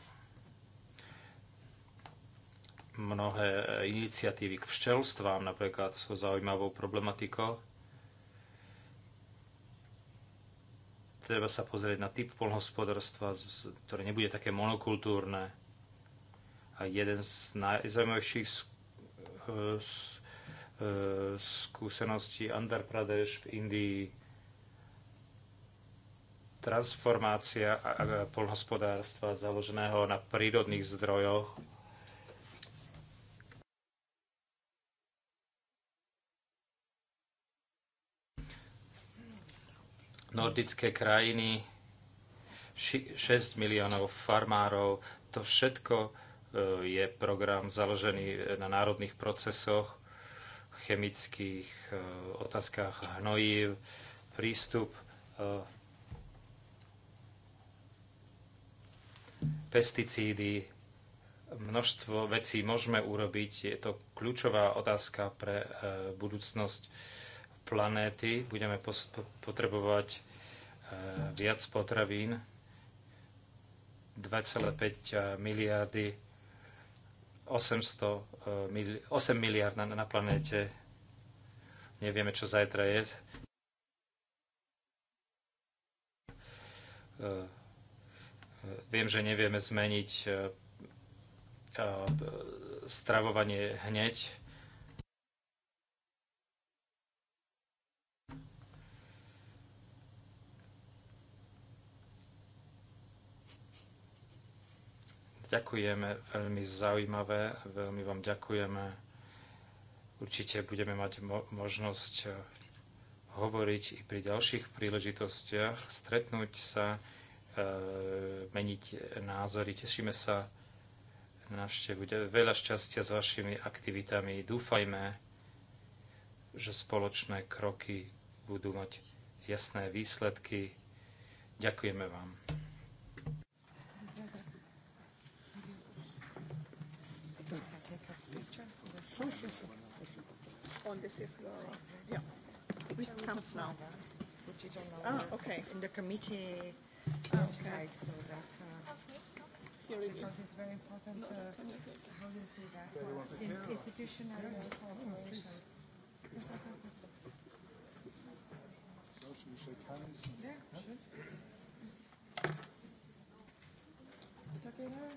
mnohé iniciatívy k včelstvám napríklad sú zaujímavou problematikou, treba sa pozrieť na typ polnohospodárstva, ktoré nebude také monokultúrne. A jeden z najzaujímavejších e, e, skúseností Andhra Pradesh v Indii transformácia polnohospodárstva založeného na prírodných zdrojoch nordické krajiny, 6 miliónov farmárov. To všetko e, je program založený e, na národných procesoch, chemických e, otázkach hnojív, prístup pesticídy, množstvo vecí môžeme urobiť. Je to kľúčová otázka pre budúcnosť planéty. Budeme potrebovať e, viac potravín, 2,5 e, miliardy, 800, 8 e, miliard na, na planéte. Nevieme, čo zajtra je. Viem, že nevieme zmeniť stravovanie hneď Ďakujeme, veľmi zaujímavé, veľmi vám ďakujeme. Určite budeme mať mo- možnosť eh, hovoriť i pri ďalších príležitostiach, stretnúť sa, e, meniť názory. Tešíme sa na návštevu. Veľa šťastia s vašimi aktivitami. Dúfajme, že spoločné kroky budú mať jasné výsledky. Ďakujeme vám. On the floor. Yeah. Which comes now? Put it on our, ah, okay. In the committee ah, website, so that. Uh, Here it because is. it's very important no, uh, how you see that in institutional yeah. cooperation. Oh, yeah, sure. It's okay now?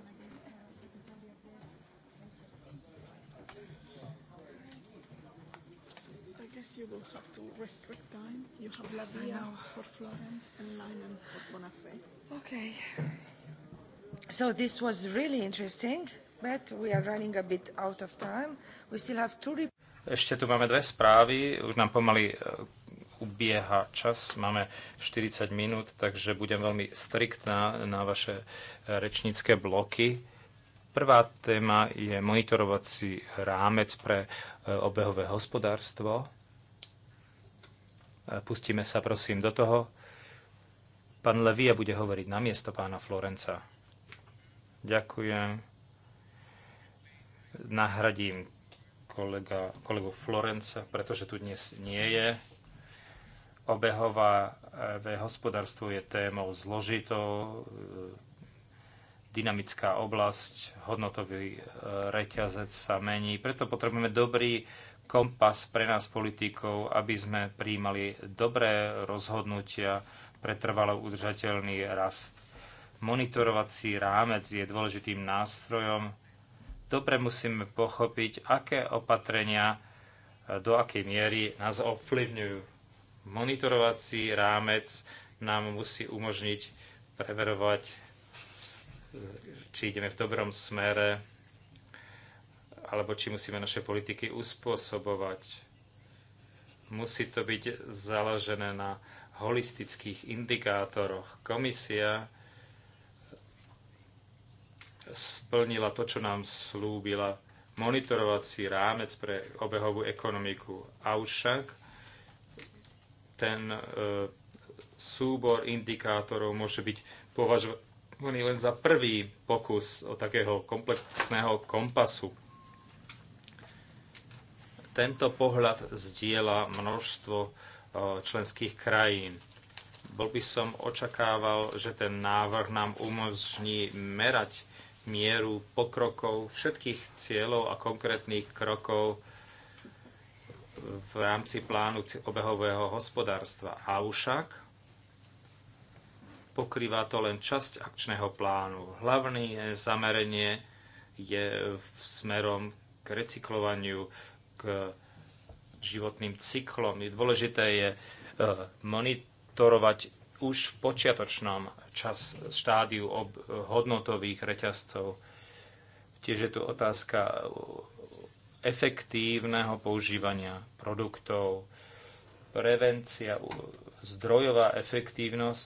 you will have to restrict time. You have yes, Lavia for Florence and Linen for Bonafé. Okay. So this was really interesting, but we are running a bit out of time. We still have two Ešte tu máme dve správy, už nám pomaly e, ubieha čas, máme 40 minút, takže budem veľmi striktná na vaše e, rečnícke bloky. Prvá téma je monitorovací rámec pre e, obehové hospodárstvo. Pustíme sa prosím do toho. Pán Levia bude hovoriť na miesto pána Florenca. Ďakujem. Nahradím kolega, kolegu Florenca, pretože tu dnes nie je. Obehová hospodárstvo je témou zložitou, e, dynamická oblasť, hodnotový e, reťazec sa mení, preto potrebujeme dobrý kompas pre nás politikov, aby sme príjmali dobré rozhodnutia pre trvalo udržateľný rast. Monitorovací rámec je dôležitým nástrojom. Dobre musíme pochopiť, aké opatrenia do akej miery nás ovplyvňujú. Monitorovací rámec nám musí umožniť preverovať, či ideme v dobrom smere, alebo či musíme naše politiky uspôsobovať. Musí to byť založené na holistických indikátoroch. Komisia splnila to, čo nám slúbila, monitorovací rámec pre obehovú ekonomiku. Avšak ten e, súbor indikátorov môže byť považovaný len za prvý pokus o takého komplexného kompasu tento pohľad zdieľa množstvo e, členských krajín. Bol by som očakával, že ten návrh nám umožní merať mieru pokrokov všetkých cieľov a konkrétnych krokov v rámci plánu obehového hospodárstva. Avšak pokrýva to len časť akčného plánu. Hlavné zameranie je v smerom k recyklovaniu, k životným cyklom. Dôležité je e, monitorovať už v počiatočnom čas, štádiu ob, hodnotových reťazcov. Tiež je tu otázka e, efektívneho používania produktov, prevencia, zdrojová efektívnosť,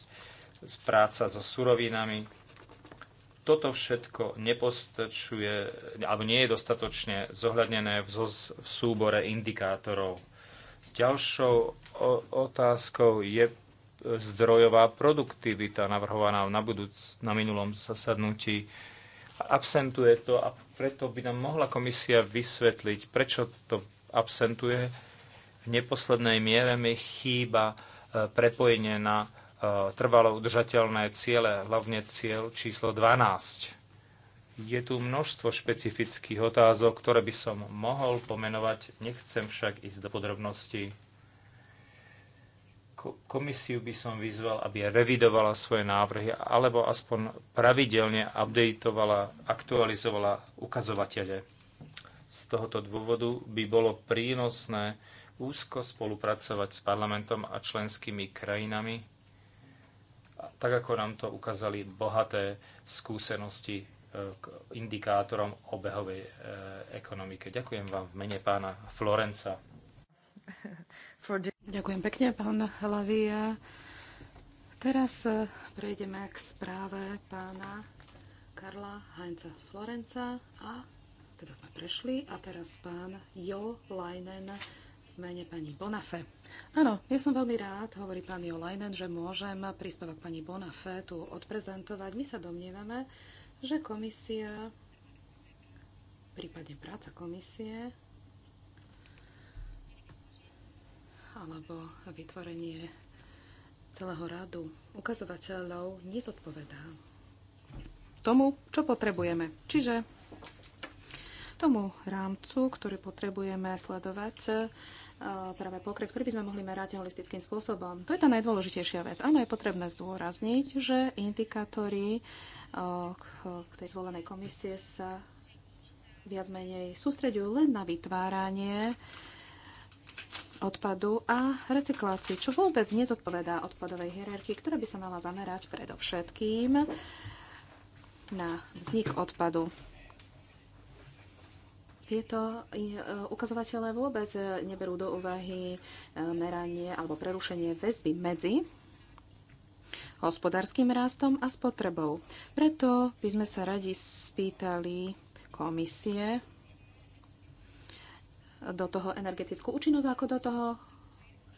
práca so surovinami, toto všetko nepostačuje, alebo nie je dostatočne zohľadnené v, v súbore indikátorov. Ďalšou o, otázkou je zdrojová produktivita navrhovaná na, budúc, na minulom zasadnutí. Absentuje to a preto by nám mohla komisia vysvetliť, prečo to absentuje. V neposlednej miere mi chýba e, prepojenie na Eh, trvalo udržateľné ciele, hlavne cieľ číslo 12. Je tu množstvo špecifických otázok, ktoré by som mohol pomenovať, nechcem však ísť do podrobností. Komisiu by som vyzval, aby revidovala svoje návrhy alebo aspoň pravidelne updateovala, aktualizovala ukazovatele. Z tohoto dôvodu by bolo prínosné úzko spolupracovať s parlamentom a členskými krajinami tak ako nám to ukázali bohaté skúsenosti e, k indikátorom obehovej e, ekonomike. Ďakujem vám v mene pána Florenca. Ďakujem pekne, pán Hlavia. Teraz e, prejdeme k správe pána Karla Heinza Florenca a teda sme prešli a teraz pán Jo Leinen v mene pani Bonafé. Áno, ja som veľmi rád, hovorí pán Olajnen, že môžem príspevok pani Bonafé tu odprezentovať. My sa domnievame, že komisia, prípadne práca komisie, alebo vytvorenie celého radu ukazovateľov nezodpovedá tomu, čo potrebujeme. Čiže tomu rámcu, ktorý potrebujeme sledovať, práve pokrek, ktorý by sme mohli merať holistickým spôsobom. To je tá najdôležitejšia vec. Áno, je potrebné zdôrazniť, že indikátory k tej zvolenej komisie sa viac menej sústredujú len na vytváranie odpadu a recyklácii, čo vôbec nezodpovedá odpadovej hierarchii, ktorá by sa mala zamerať predovšetkým na vznik odpadu. Tieto eh, ukazovatele vôbec eh, neberú do úvahy eh, meranie alebo prerušenie väzby medzi hospodárskym rastom a spotrebou. Preto by sme sa radi spýtali komisie do toho energetickú účinnosť, ako do toho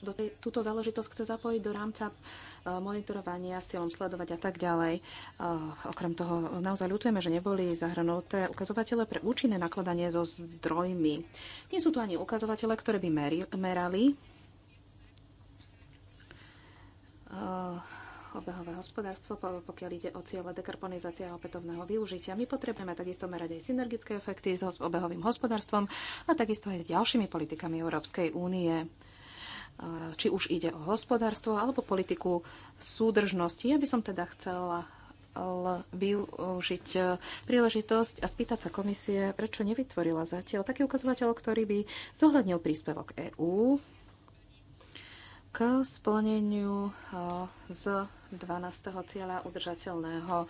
do tej, túto záležitosť chce zapojiť do rámca e, monitorovania s cieľom sledovať a tak ďalej. E, okrem toho naozaj ľutujeme, že neboli zahrnuté ukazovatele pre účinné nakladanie so zdrojmi. Nie sú tu ani ukazovatele, ktoré by merali e, obehové hospodárstvo, pokiaľ ide o cieľe dekarbonizácie a opätovného využitia. My potrebujeme takisto merať aj synergické efekty s obehovým hospodárstvom a takisto aj s ďalšími politikami Európskej únie či už ide o hospodárstvo alebo politiku súdržnosti. Ja by som teda chcela využiť e, príležitosť a spýtať sa komisie, prečo nevytvorila zatiaľ taký ukazovateľ, ktorý by zohľadnil príspevok EÚ k splneniu e, z 12. cieľa udržateľného e,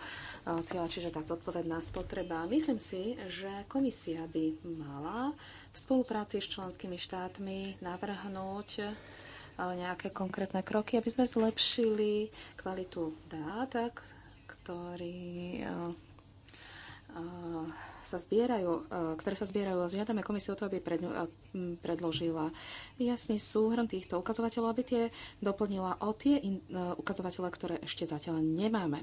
cieľa, čiže tá zodpovedná spotreba. Myslím si, že komisia by mala v spolupráci s členskými štátmi navrhnúť nejaké konkrétne kroky, aby sme zlepšili kvalitu dát, ktorý e, e, sa zbierajú, e, ktoré sa zbierajú a žiadame komisiu o to, aby predložila jasný súhrn týchto ukazovateľov, aby tie doplnila o tie ukazovatele, ktoré ešte zatiaľ nemáme,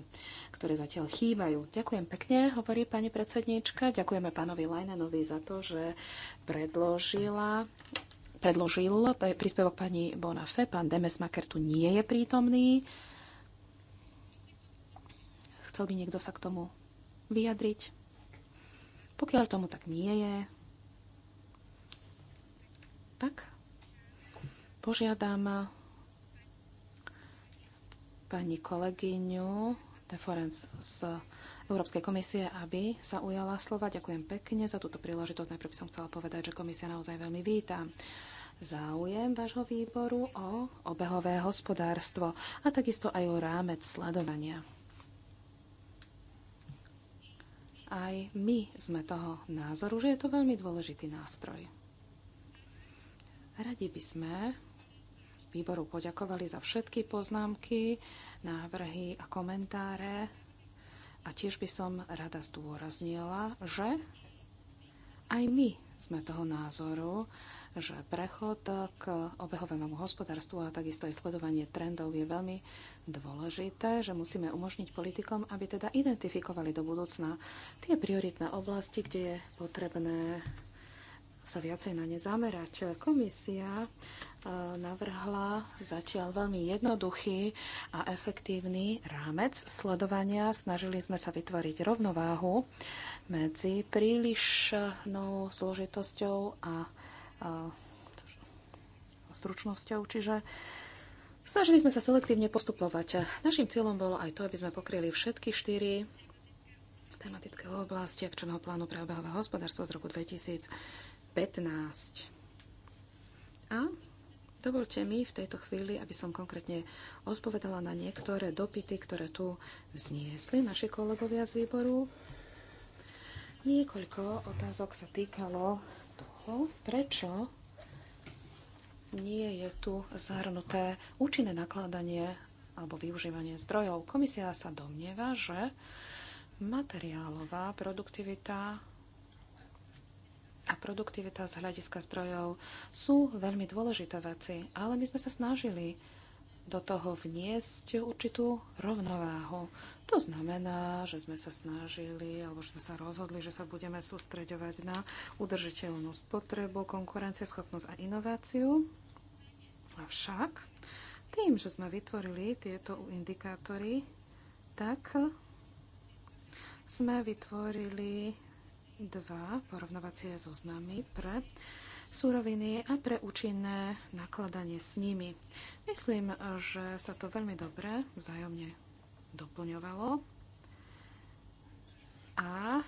ktoré zatiaľ chýbajú. Ďakujem pekne, hovorí pani predsednička. Ďakujeme pánovi Lajnenovi za to, že predložila predložil príspevok pani Bonafé. Pán Demesmaker tu nie je prítomný. Chcel by niekto sa k tomu vyjadriť? Pokiaľ tomu tak nie je, tak požiadam pani kolegyňu De Forens z Európskej komisie, aby sa ujala slova. Ďakujem pekne za túto príležitosť. Najprv by som chcela povedať, že komisia naozaj veľmi víta záujem vášho výboru o obehové hospodárstvo a takisto aj o rámec sledovania. Aj my sme toho názoru, že je to veľmi dôležitý nástroj. Radi by sme výboru poďakovali za všetky poznámky, návrhy a komentáre. A tiež by som rada zdôraznila, že aj my sme toho názoru, že prechod k obehovému hospodárstvu a takisto aj sledovanie trendov je veľmi dôležité, že musíme umožniť politikom, aby teda identifikovali do budúcna tie prioritné oblasti, kde je potrebné sa viacej na ne zamerať. Komisia e, navrhla zatiaľ veľmi jednoduchý a efektívny rámec sledovania. Snažili sme sa vytvoriť rovnováhu medzi prílišnou zložitosťou a stručnosťou, čiže snažili sme sa selektívne postupovať. Našim cieľom bolo aj to, aby sme pokryli všetky štyri tematické oblasti akčného plánu pre obehové hospodárstvo z roku 2015. A dovolte mi v tejto chvíli, aby som konkrétne odpovedala na niektoré dopity, ktoré tu vzniesli naši kolegovia z výboru. Niekoľko otázok sa týkalo toho, prečo nie je tu zahrnuté účinné nakladanie alebo využívanie zdrojov. Komisia sa domnieva, že materiálová produktivita a produktivita z hľadiska zdrojov sú veľmi dôležité veci, ale my sme sa snažili do toho vniesť určitú rovnováhu to znamená, že sme sa snažili, alebo že sme sa rozhodli, že sa budeme sústreďovať na udržiteľnú spotrebu, konkurencieschopnosť a inováciu. Avšak tým, že sme vytvorili tieto indikátory, tak sme vytvorili dva porovnovacie zoznamy pre súroviny a pre účinné nakladanie s nimi. Myslím, že sa to veľmi dobre vzájomne doplňovalo. A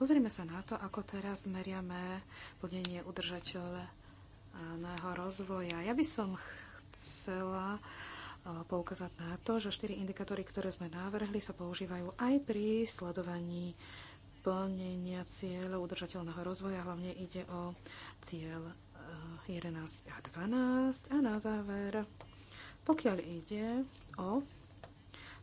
pozrieme sa na to, ako teraz meriame plnenie udržateľného rozvoja. Ja by som chcela e, poukázať na to, že štyri indikátory, ktoré sme navrhli, sa používajú aj pri sledovaní plnenia cieľov udržateľného rozvoja. Hlavne ide o cieľ 11 e, a 12 a na záver pokiaľ ide o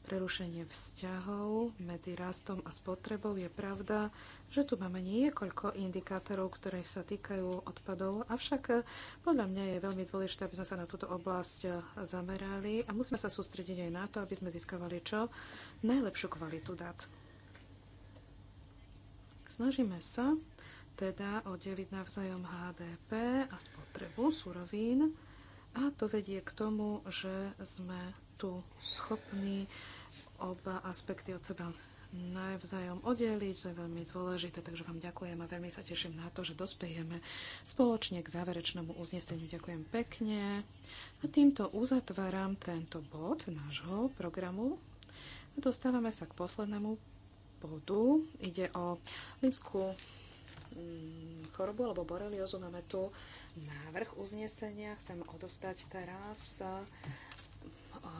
prerušenie vzťahov medzi rastom a spotrebou, je pravda, že tu máme niekoľko indikátorov, ktoré sa týkajú odpadov, avšak eh, podľa mňa je veľmi dôležité, aby sme sa na túto oblasť eh, zamerali a musíme sa sústrediť aj na to, aby sme získavali čo najlepšiu kvalitu dát. Snažíme sa teda oddeliť navzájom HDP a spotrebu surovín a to vedie k tomu, že sme tu schopní oba aspekty od seba navzájom oddeliť, to je veľmi dôležité, takže vám ďakujem a veľmi sa teším na to, že dospejeme spoločne k záverečnému uzneseniu. Ďakujem pekne a týmto uzatváram tento bod nášho programu a dostávame sa k poslednému bodu. Ide o Limskú Mm, chorobu alebo boreliozu. Máme tu návrh uznesenia. Chcem odovstať teraz eh, eh,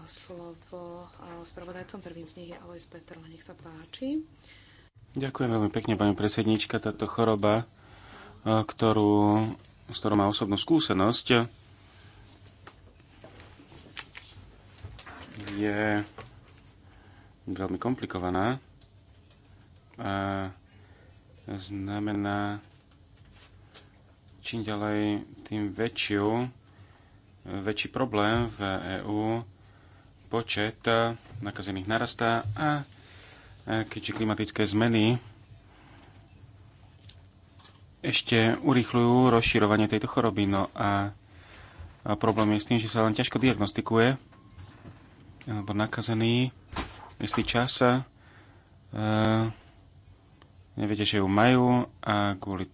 slovo eh, spravodajcom. Prvým z nich je Alois Petrla. Nech sa páči. Ďakujem veľmi pekne, pani predsednička. Táto choroba, ktorú, s ktorou má osobnú skúsenosť, je veľmi komplikovaná. A znamená čím ďalej, tým väčšiu, väčší problém v EÚ. Počet nakazených narastá a keďže klimatické zmeny ešte urýchľujú rozširovanie tejto choroby. No a, problém je s tým, že sa len ťažko diagnostikuje, alebo nakazený istý čas neviete, že ju majú a kvôli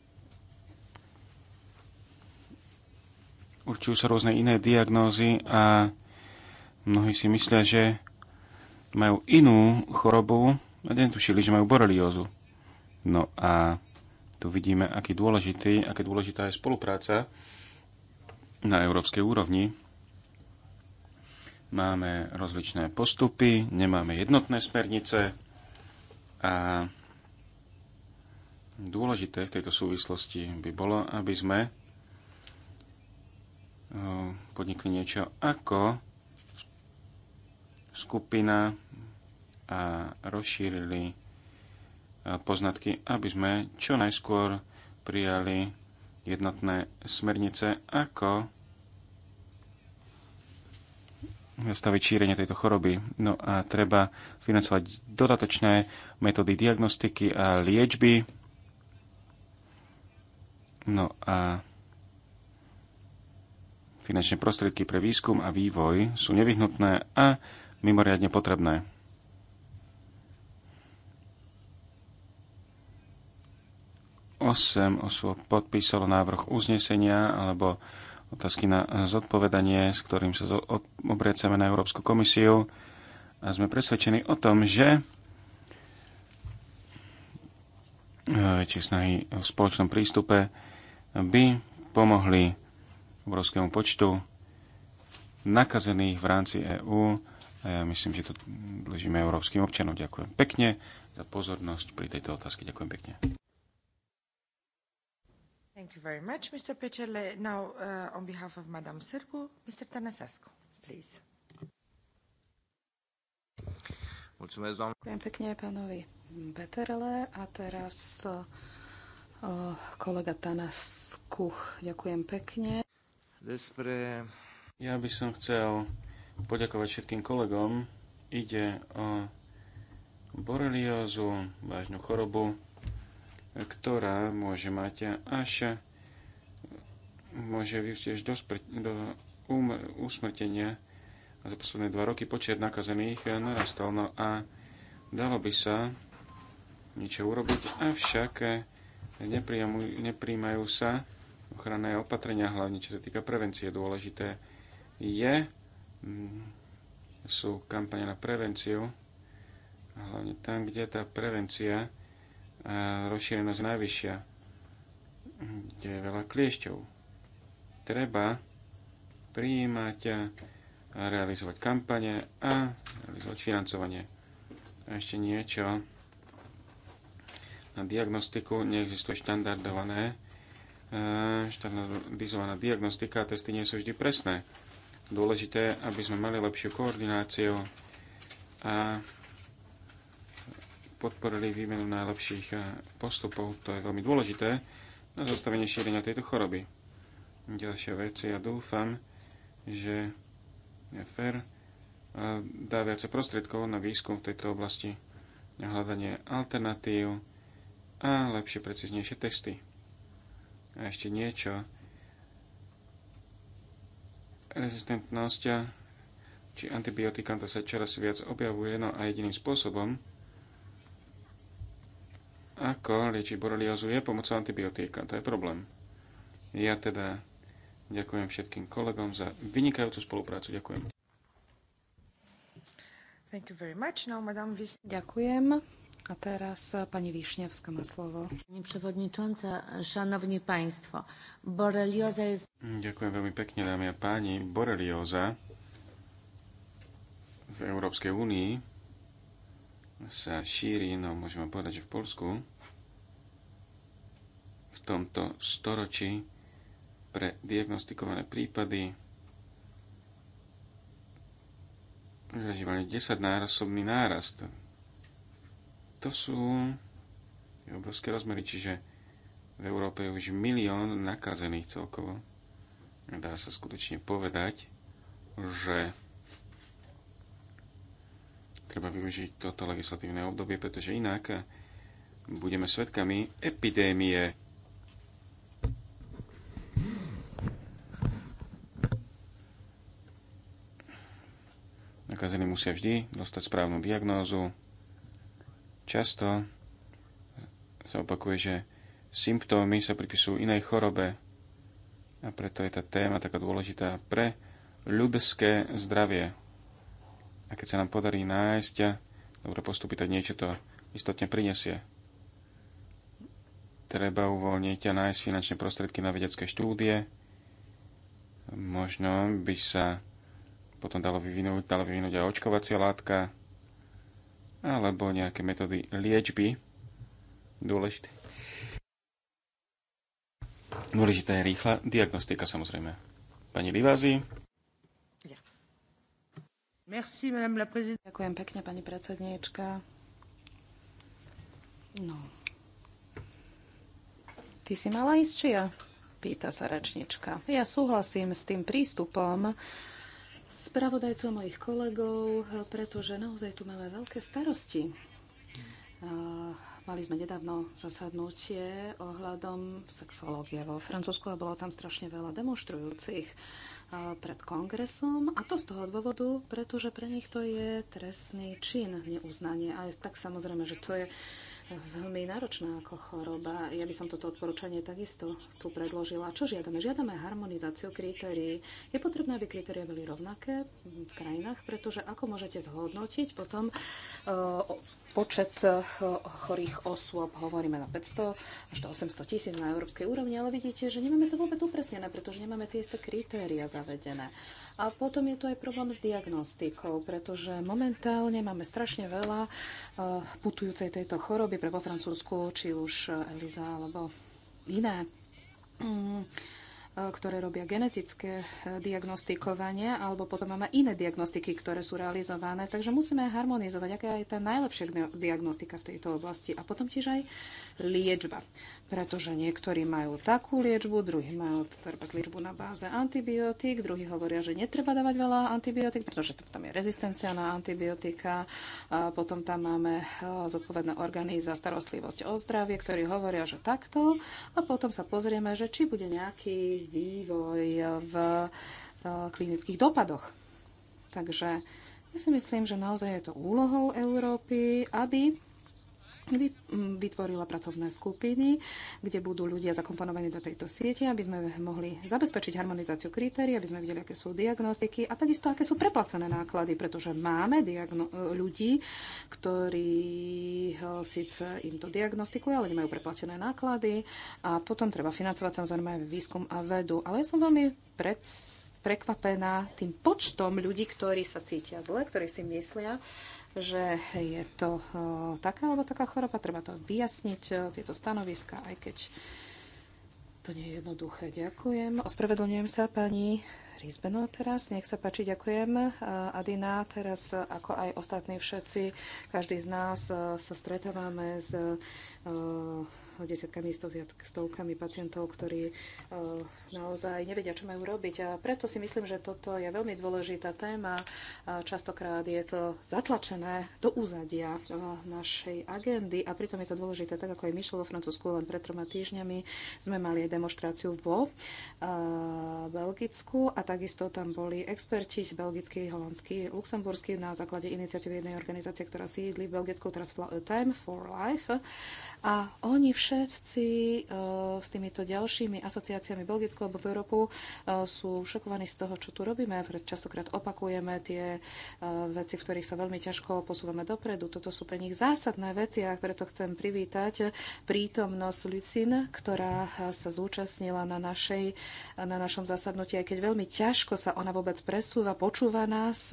určujú sa rôzne iné diagnózy a mnohí si myslia, že majú inú chorobu a netušili, že majú boreliózu. No a tu vidíme, aký dôležitý, aké dôležitá je spolupráca na európskej úrovni. Máme rozličné postupy, nemáme jednotné smernice a Dôležité v tejto súvislosti by bolo, aby sme e, podnikli niečo ako skupina a rozšírili e, poznatky, aby sme čo najskôr prijali jednotné smernice, ako zastaviť šírenie tejto choroby. No a treba financovať dodatočné metódy diagnostiky a liečby, No a finančné prostriedky pre výskum a vývoj sú nevyhnutné a mimoriadne potrebné. Osem osôb podpísalo návrh uznesenia alebo otázky na zodpovedanie, s ktorým sa obrieceme na Európsku komisiu a sme presvedčení o tom, že e, tie snahy v spoločnom prístupe by pomohli obrovskému počtu nakazených v rámci EÚ. A ja myslím, že to dlžíme európskym občanom. Ďakujem pekne za pozornosť pri tejto otázke. Ďakujem pekne. Thank you very much, Mr. Pečele. Now, uh, on behalf of Madame Sirku, Mr. Tanasescu, please. Ďakujem pekne pánovi Peterle a teraz uh, kolega Tanas Kuch. Ďakujem pekne. Despre... Ja by som chcel poďakovať všetkým kolegom. Ide o boreliózu, vážnu chorobu, ktorá môže mať až môže vyústiť až do, spr- do umr- usmrtenia. A za posledné dva roky počet nakazených narastol. No a dalo by sa niečo urobiť, avšak nepríjmajú sa ochranné opatrenia, hlavne čo sa týka prevencie. Dôležité je, mm, sú kampane na prevenciu, hlavne tam, kde tá prevencia a rozšírenosť najvyššia, kde je veľa kliešťov. Treba prijímať a realizovať kampane a realizovať financovanie. A ešte niečo na diagnostiku neexistuje štandardované e, štandardizovaná diagnostika a testy nie sú vždy presné. Dôležité, aby sme mali lepšiu koordináciu a podporili výmenu najlepších e, postupov. To je veľmi dôležité na zastavenie šírenia tejto choroby. Ďalšia vec, ja dúfam, že FR e, dá viacej prostriedkov na výskum v tejto oblasti, na hľadanie alternatív, a lepšie, preciznejšie texty. A ešte niečo. Rezistentnosť či antibiotikám to sa čoraz viac objavuje, no a jediným spôsobom, ako liečiť boreliozu, je pomocou antibiotika. To je problém. Ja teda ďakujem všetkým kolegom za vynikajúcu spoluprácu. Ďakujem. Thank you very much. Now, Madame Vis- Ďakujem. A teraz pani Wiśniewska ma slovo. Pani przewodnicząca, szanowni państwo, borelioza jest... Ďakujem veľmi pekne, dámy a páni. Borelioza v Európskej únii sa šíri, no môžeme povedať, že v Polsku v tomto storočí pre diagnostikované prípady zažívali 10 nárasobný nárast to sú obrovské rozmery, čiže v Európe je už milión nakazených celkovo. Dá sa skutočne povedať, že treba využiť toto legislatívne obdobie, pretože inak budeme svedkami epidémie. Nakazení musia vždy dostať správnu diagnózu, Často sa opakuje, že symptómy sa pripisujú inej chorobe a preto je tá téma taká dôležitá pre ľudské zdravie. A keď sa nám podarí nájsť a dobre postupy, tak niečo to istotne prinesie. Treba uvoľniť a nájsť finančné prostriedky na vedecké štúdie. Možno by sa potom dalo vyvinúť, dalo vyvinúť aj očkovacia látka, alebo nejaké metódy liečby. Dôležité. Dôležitá je rýchla diagnostika samozrejme. Pani Livázi. Ja. Merci, madame la prezident. Ďakujem pekne, pani predsedníčka. No. Ty si mala ísť, či ja? Pýta sa rečnička. Ja súhlasím s tým prístupom, spravodajcov mojich kolegov, pretože naozaj tu máme veľké starosti. Mali sme nedávno zasadnutie ohľadom sexológie vo Francúzsku a bolo tam strašne veľa demonstrujúcich pred kongresom a to z toho dôvodu, pretože pre nich to je trestný čin neuznanie. A tak samozrejme, že to je veľmi náročná ako choroba. Ja by som toto odporúčanie takisto tu predložila. Čo žiadame? Žiadame harmonizáciu kritérií. Je potrebné, aby kritéria boli rovnaké v krajinách, pretože ako môžete zhodnotiť potom počet eh, chorých osôb, hovoríme na 500 až do 800 tisíc na európskej úrovni, ale vidíte, že nemáme to vôbec upresnené, pretože nemáme tie isté kritéria zavedené. A potom je tu aj problém s diagnostikou, pretože momentálne máme strašne veľa eh, putujúcej tejto choroby pre vo Francúzsku, či už Eliza alebo iné. Mm ktoré robia genetické e, diagnostikovanie, alebo potom máme iné diagnostiky, ktoré sú realizované. Takže musíme harmonizovať, aká je tá najlepšia diagnostika v tejto oblasti. A potom tiež aj liečba. Pretože niektorí majú takú liečbu, druhí majú treba liečbu na báze antibiotík, druhí hovoria, že netreba dávať veľa antibiotík, pretože tam je rezistencia na antibiotika. A potom tam máme e, zodpovedné orgány za starostlivosť o zdravie, ktorí hovoria, že takto. A potom sa pozrieme, že či bude nejaký vývoj v e, klinických dopadoch. Takže ja si myslím, že naozaj je to úlohou Európy, aby vytvorila pracovné skupiny, kde budú ľudia zakomponovaní do tejto siete, aby sme mohli zabezpečiť harmonizáciu kritérií, aby sme videli, aké sú diagnostiky a takisto, aké sú preplacené náklady, pretože máme ľudí, ktorí eh, síce im to diagnostikujú, ale nemajú preplatené náklady a potom treba financovať samozrejme výskum a vedu. Ale ja som veľmi pred prekvapená tým počtom ľudí, ktorí sa cítia zle, ktorí si myslia, že je to eh, taká alebo taká choroba, treba to vyjasniť, eh, tieto stanoviska, aj keď to nie je jednoduché. Ďakujem. Ospravedlňujem sa pani Rizbeno teraz. Nech sa páči, ďakujem. Eh, Adina, teraz ako aj ostatní všetci, každý z nás sa stretávame s Eh, desiatkami, stovkami pacientov, ktorí eh, naozaj nevedia, čo majú robiť. A preto si myslím, že toto je veľmi dôležitá téma. Častokrát je to zatlačené do úzadia eh, našej agendy a pritom je to dôležité, tak ako aj Michel vo Francúzsku len pred troma týždňami sme mali aj demonstráciu vo Belgicku a takisto tam boli experti belgický holandský Luxemburský na základe iniciatívy jednej organizácie, ktorá sídli v Belgicku, teraz Time for Life a oni všetci eh, s týmito ďalšími asociáciami Belgicku alebo v Európu eh, sú šokovaní z toho, čo tu robíme. Častokrát opakujeme tie eh, veci, v ktorých sa veľmi ťažko posúvame dopredu. Toto sú pre nich zásadné veci a preto chcem privítať prítomnosť Lucin, ktorá sa zúčastnila na, našej, na našom zasadnutí, aj keď veľmi ťažko sa ona vôbec presúva, počúva nás.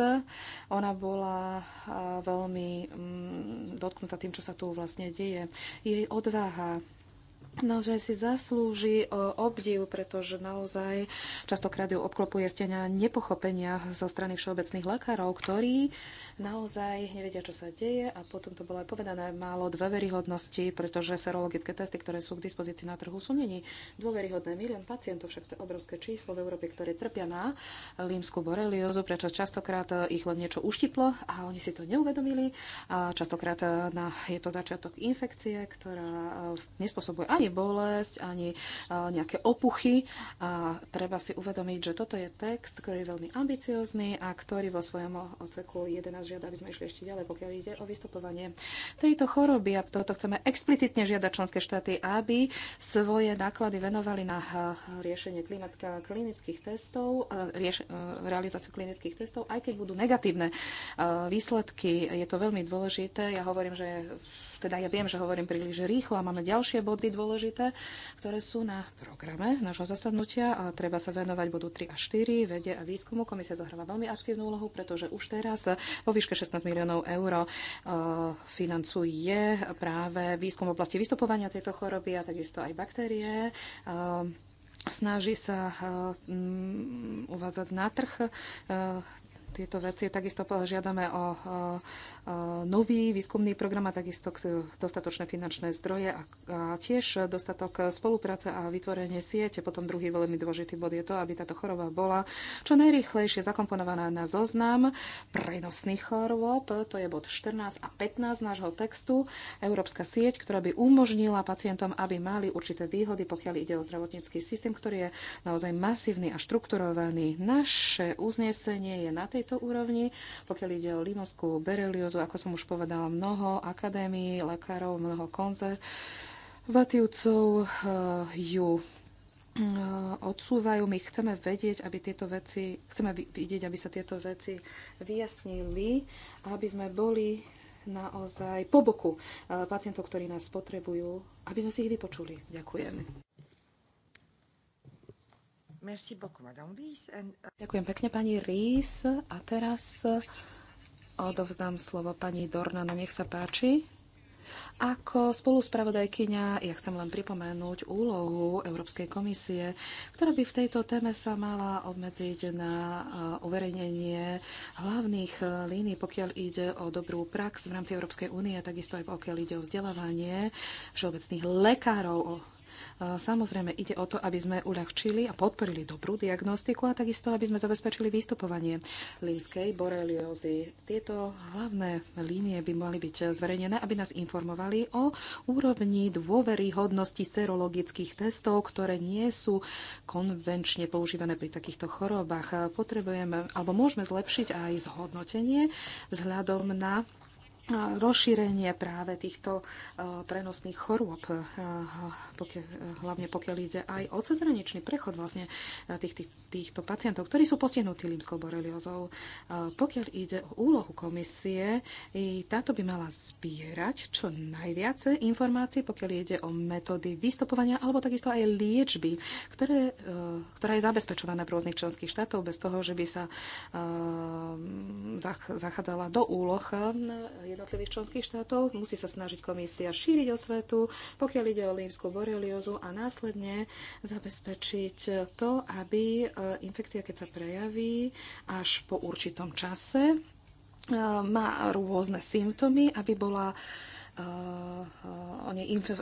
Ona bola veľmi mm, dotknutá tým, čo sa tu vlastne deje. Je jej odvaha naozaj si zaslúži e, obdiv, pretože naozaj častokrát ju obklopuje stenia nepochopenia zo strany všeobecných lekárov, ktorí naozaj nevedia, čo sa deje a potom to bolo aj povedané málo dôveryhodnosti, pretože serologické testy, ktoré sú k dispozícii na trhu, sú není dôveryhodné. Milión pacientov, však to je obrovské číslo v Európe, ktoré trpia na límsku boreliózu, pretože častokrát eh, ich len niečo uštiplo a oni si to neuvedomili. A častokrát eh, na, je to začiatok infekcie, ktorá eh, nespôsobuje ani bolesť, ani nejaké opuchy. A treba si uvedomiť, že toto je text, ktorý je veľmi ambiciózny a ktorý vo svojom oceku 11 vás žiada, aby sme išli ešte ďalej, pokiaľ ide o vystupovanie tejto choroby. A toto chceme explicitne žiadať členské štáty, aby svoje náklady venovali na riešenie klimatka klinických testov, e, rieš, e, realizáciu klinických testov, aj keď budú negatívne e, výsledky. Je to veľmi dôležité. Ja hovorím, že teda ja viem, že hovorím príliš rýchlo a máme ďalšie body dôležité, ktoré sú na programe nášho zasadnutia a treba sa venovať bodu 3 a 4, vede a výskumu. Komisia zohráva veľmi aktívnu úlohu, pretože už teraz vo výške 16 miliónov eur e, financuje práve výskum v oblasti vystupovania tejto choroby a takisto aj baktérie e, snaží sa e, uvázať na trh tieto veci. Takisto žiadame o nový výskumný program a takisto dostatočné finančné zdroje a tiež dostatok spolupráce a vytvorenie siete. Potom druhý veľmi dôležitý bod je to, aby táto choroba bola čo najrychlejšie zakomponovaná na zoznam prenosných chorôb. To je bod 14 a 15 nášho textu. Európska sieť, ktorá by umožnila pacientom, aby mali určité výhody, pokiaľ ide o zdravotnícky systém, ktorý je naozaj masívny a štrukturovaný. Naše uznesenie je na tej tejto úrovni. Pokiaľ ide o Limovskú bereliozu, ako som už povedala, mnoho akadémií, lekárov, mnoho konzervatívcov eh, ju eh, odsúvajú. My chceme vedieť, aby tieto veci, chceme vidieť, aby sa tieto veci vyjasnili, aby sme boli naozaj po boku eh, pacientov, ktorí nás potrebujú, aby sme si ich vypočuli. Ďakujem. Uh, Ďakujem pekne, pani Rís. A teraz odovzdám slovo pani Dornano. Nech sa páči. Ako spoluspravodajkyňa ja chcem len pripomenúť úlohu Európskej komisie, ktorá by v tejto téme sa mala obmedziť na uh, uverejnenie hlavných uh, línií, pokiaľ ide o dobrú prax v rámci Európskej únie, takisto aj pokiaľ ide o vzdelávanie všeobecných lekárov Samozrejme, ide o to, aby sme uľahčili a podporili dobrú diagnostiku a takisto, aby sme zabezpečili výstupovanie límskej boreliozy. Tieto hlavné línie by mali byť zverejnené, aby nás informovali o úrovni dôveryhodnosti serologických testov, ktoré nie sú konvenčne používané pri takýchto chorobách. Potrebujeme, alebo môžeme zlepšiť aj zhodnotenie vzhľadom na rozšírenie práve týchto e, prenosných chorôb, e, e, hlavne pokiaľ ide aj o cezhraničný prechod vlastne tých, tých, týchto pacientov, ktorí sú postihnutí límskou boreliozou. Pokiaľ ide o úlohu komisie, táto by mala zbierať čo najviac informácií, pokiaľ ide o metódy vystupovania alebo takisto aj liečby, ktoré, ktorá je zabezpečovaná v rôznych členských štátov bez toho, že by sa zachádzala do úloh jednotlivých členských štátov. Musí sa snažiť komisia šíriť osvetu, pokiaľ ide o límskú boreliozu a následne zabezpečiť to, aby e, infekcia, keď sa prejaví až po určitom čase, e, má rôzne symptómy, aby bola Eh, o nej inf- eh,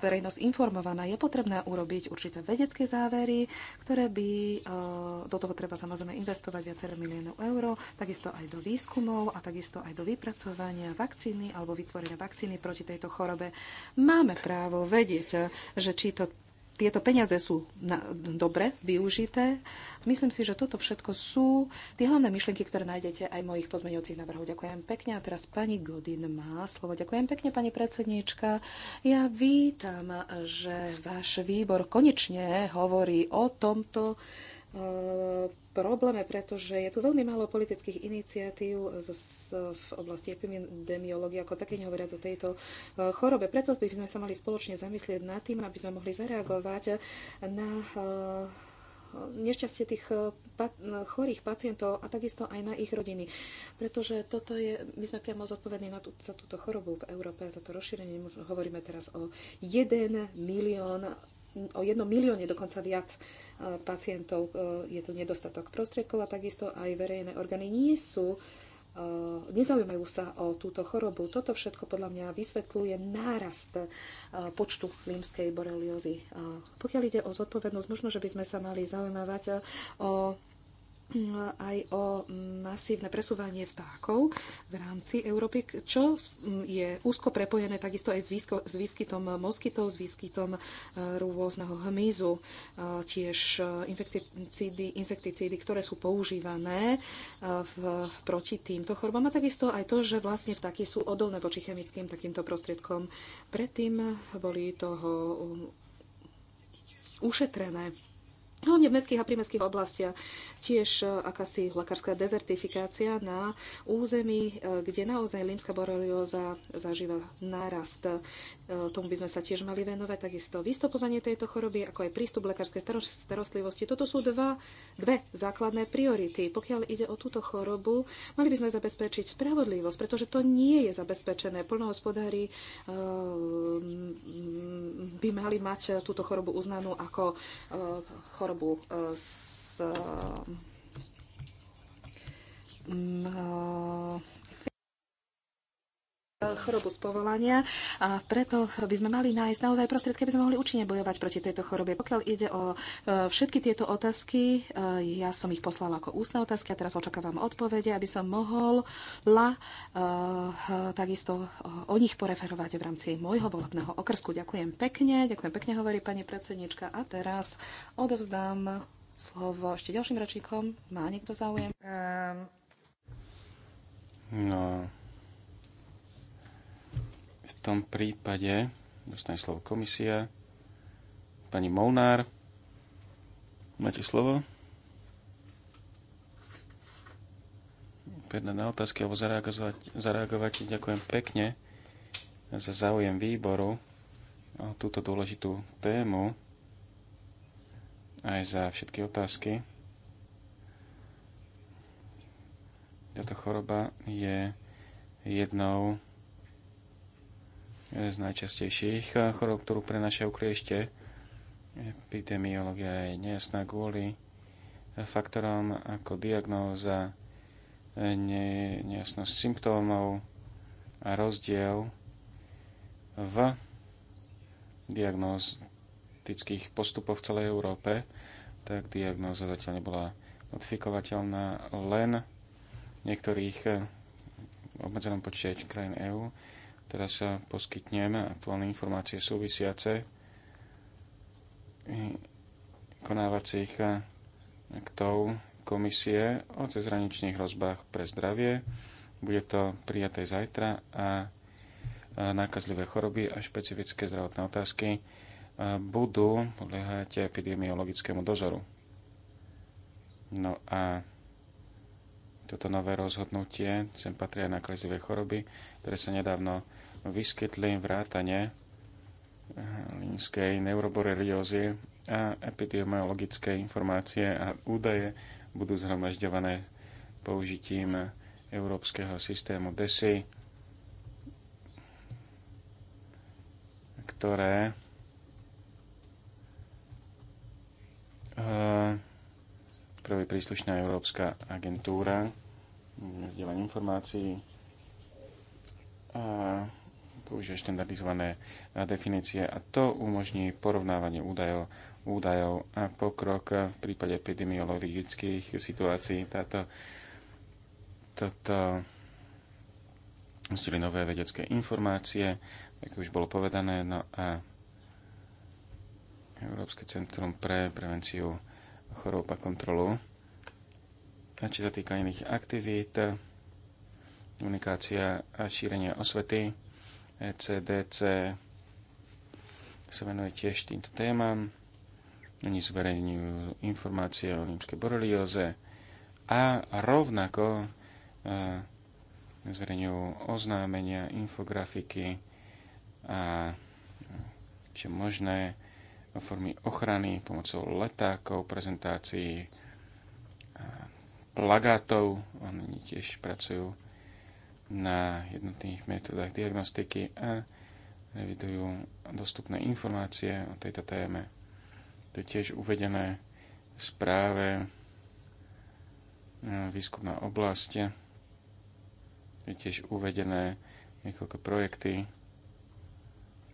verejnosť informovaná. Je potrebné urobiť určité vedecké závery, ktoré by eh, do toho treba samozrejme investovať viacero miliónov eur, takisto aj do výskumov a takisto aj do vypracovania vakcíny alebo vytvorenia vakcíny proti tejto chorobe. Máme právo vedieť, že či to tieto peniaze sú na, dobre využité. Myslím si, že toto všetko sú tie hlavné myšlienky, ktoré nájdete aj v mojich pozmeňujúcich návrhov. Ďakujem pekne. A teraz pani Godin má slovo. Ďakujem pekne, pani predsedníčka. Ja vítam, že váš výbor konečne hovorí o tomto Eh, probléme, pretože je tu veľmi málo politických iniciatív z, z, v oblasti epidemiológie, ako také nehovoriac o tejto eh, chorobe. Preto by sme sa mali spoločne zamyslieť nad tým, aby sme mohli zareagovať na eh, nešťastie tých pa- chorých pacientov a takisto aj na ich rodiny. Pretože toto je, my sme priamo zodpovední na tú, za túto chorobu v Európe, za to rozšírenie. Hovoríme teraz o 1 milión o jednom milióne dokonca viac e, pacientov e, je tu nedostatok prostriedkov a takisto aj verejné orgány nie sú e, nezaujímajú sa o túto chorobu. Toto všetko podľa mňa vysvetľuje nárast počtu límskej boreliózy. Pokiaľ ide o zodpovednosť, možno, že by sme sa mali zaujímavať o aj o masívne presúvanie vtákov v rámci Európy, čo je úzko prepojené takisto aj s, výskytom moskytov, s výskytom e, rôzneho hmyzu, e, tiež e, insekticídy, insekticídy, ktoré sú používané v, proti týmto chorobám a takisto aj to, že vlastne vtáky sú odolné voči chemickým takýmto prostriedkom. Predtým boli toho ušetrené hlavne v mestských a primeských oblastiach. Tiež e, akási lekárska dezertifikácia na území, e, kde naozaj límska borelioza zažíva nárast. E, tomu by sme sa tiež mali venovať. Takisto vystupovanie tejto choroby, ako aj prístup lekárskej starostlivosti. Toto sú dva, dve základné priority. Pokiaľ ide o túto chorobu, mali by sme zabezpečiť spravodlivosť, pretože to nie je zabezpečené. Plnohospodári by mali mať túto chorobu uznanú ako chorobu výrobu eh, s mm, eh, chorobu z povolania a preto by sme mali nájsť naozaj prostriedky, aby sme mohli účinne bojovať proti tejto chorobe. Pokiaľ ide o e, všetky tieto otázky, e, ja som ich poslala ako ústne otázky a teraz očakávam odpovede, aby som mohol la, e, takisto o nich poreferovať v rámci môjho volebného okrsku. Ďakujem pekne, ďakujem pekne, hovorí pani predsednička. A teraz odovzdám slovo ešte ďalším rečníkom. Má niekto záujem? Um... No, v tom prípade dostane slovo komisia. Pani Molnár, máte slovo? Pedna na otázky alebo zareagovať, zareagovať. Ďakujem pekne za záujem výboru o túto dôležitú tému aj za všetky otázky. Táto choroba je jednou z najčastejších chorób, ktorú prenašajú kliešte. Epidemiológia je nejasná kvôli faktorom ako diagnóza, ne, nejasnosť symptómov a rozdiel v diagnostických postupov v celej Európe, tak diagnóza zatiaľ nebola notifikovateľná len v niektorých obmedzenom počte krajín EÚ Teraz sa poskytnem aktuálne informácie súvisiace konávacích aktov komisie o cezhraničných hrozbách pre zdravie. Bude to prijaté zajtra a nákazlivé choroby a špecifické zdravotné otázky budú podliehať epidemiologickému dozoru. No a toto nové rozhodnutie sem patria nákazlivé choroby, ktoré sa nedávno vyskytli vrátane eh, línskej neuroboreliózy a epidemiologické informácie a údaje budú zhromažďované použitím európskeho systému DESI, ktoré eh, prvý príslušná európska agentúra vzdielanie informácií použije štandardizované eh, definície a to umožní porovnávanie údajov, údajov a pokrok v prípade epidemiologických situácií. Táto, toto zdieli nové vedecké informácie, ako už bolo povedané, no a Európske centrum pre prevenciu chorób a kontrolu. A či sa týka iných aktivít, komunikácia a šírenie osvety, ECDC sa venuje tiež týmto témam. Oni zverejňujú informácie o rímskej borelioze a rovnako e, zverejňujú oznámenia, infografiky a či možné formy ochrany pomocou letákov, prezentácií, plagátov. Oni tiež pracujú na jednotných metodách diagnostiky a revidujú dostupné informácie o tejto téme. To je tiež uvedené v správe e, výskumná oblasť. Je tiež uvedené niekoľko projekty,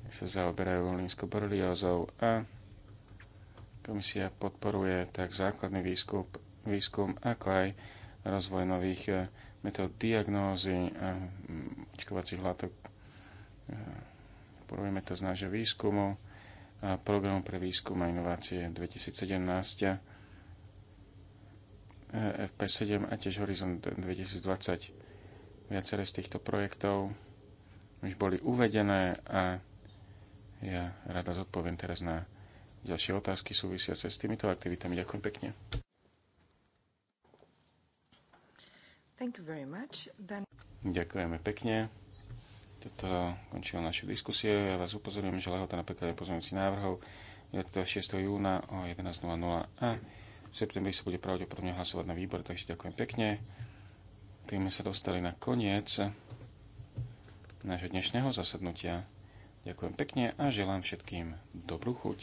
ktoré sa zaoberajú línskou boreliózou a komisia podporuje tak základný výskum, výskum ako aj rozvoj nových e, metód diagnózy a eh, mm, očkovacích látok. Eh, Porujeme to z nášho výskumu a programu pre výskum a inovácie 2017 eh, FP7 a tiež Horizon 2020. Viaceré z týchto projektov už boli uvedené a ja rada zodpoviem teraz na ďalšie otázky súvisiace s týmito aktivitami. Ďakujem pekne. Then... Ďakujeme pekne. Toto končilo naše diskusie. Ja vás upozorujem, že lehota na pekanie pozornosti návrhov je to 6. júna o 11.00 a v septembri sa bude pravdepodobne hlasovať na výbor, takže ďakujem pekne. Tým sme sa dostali na koniec nášho dnešného zasadnutia. Ďakujem pekne a želám všetkým dobrú chuť.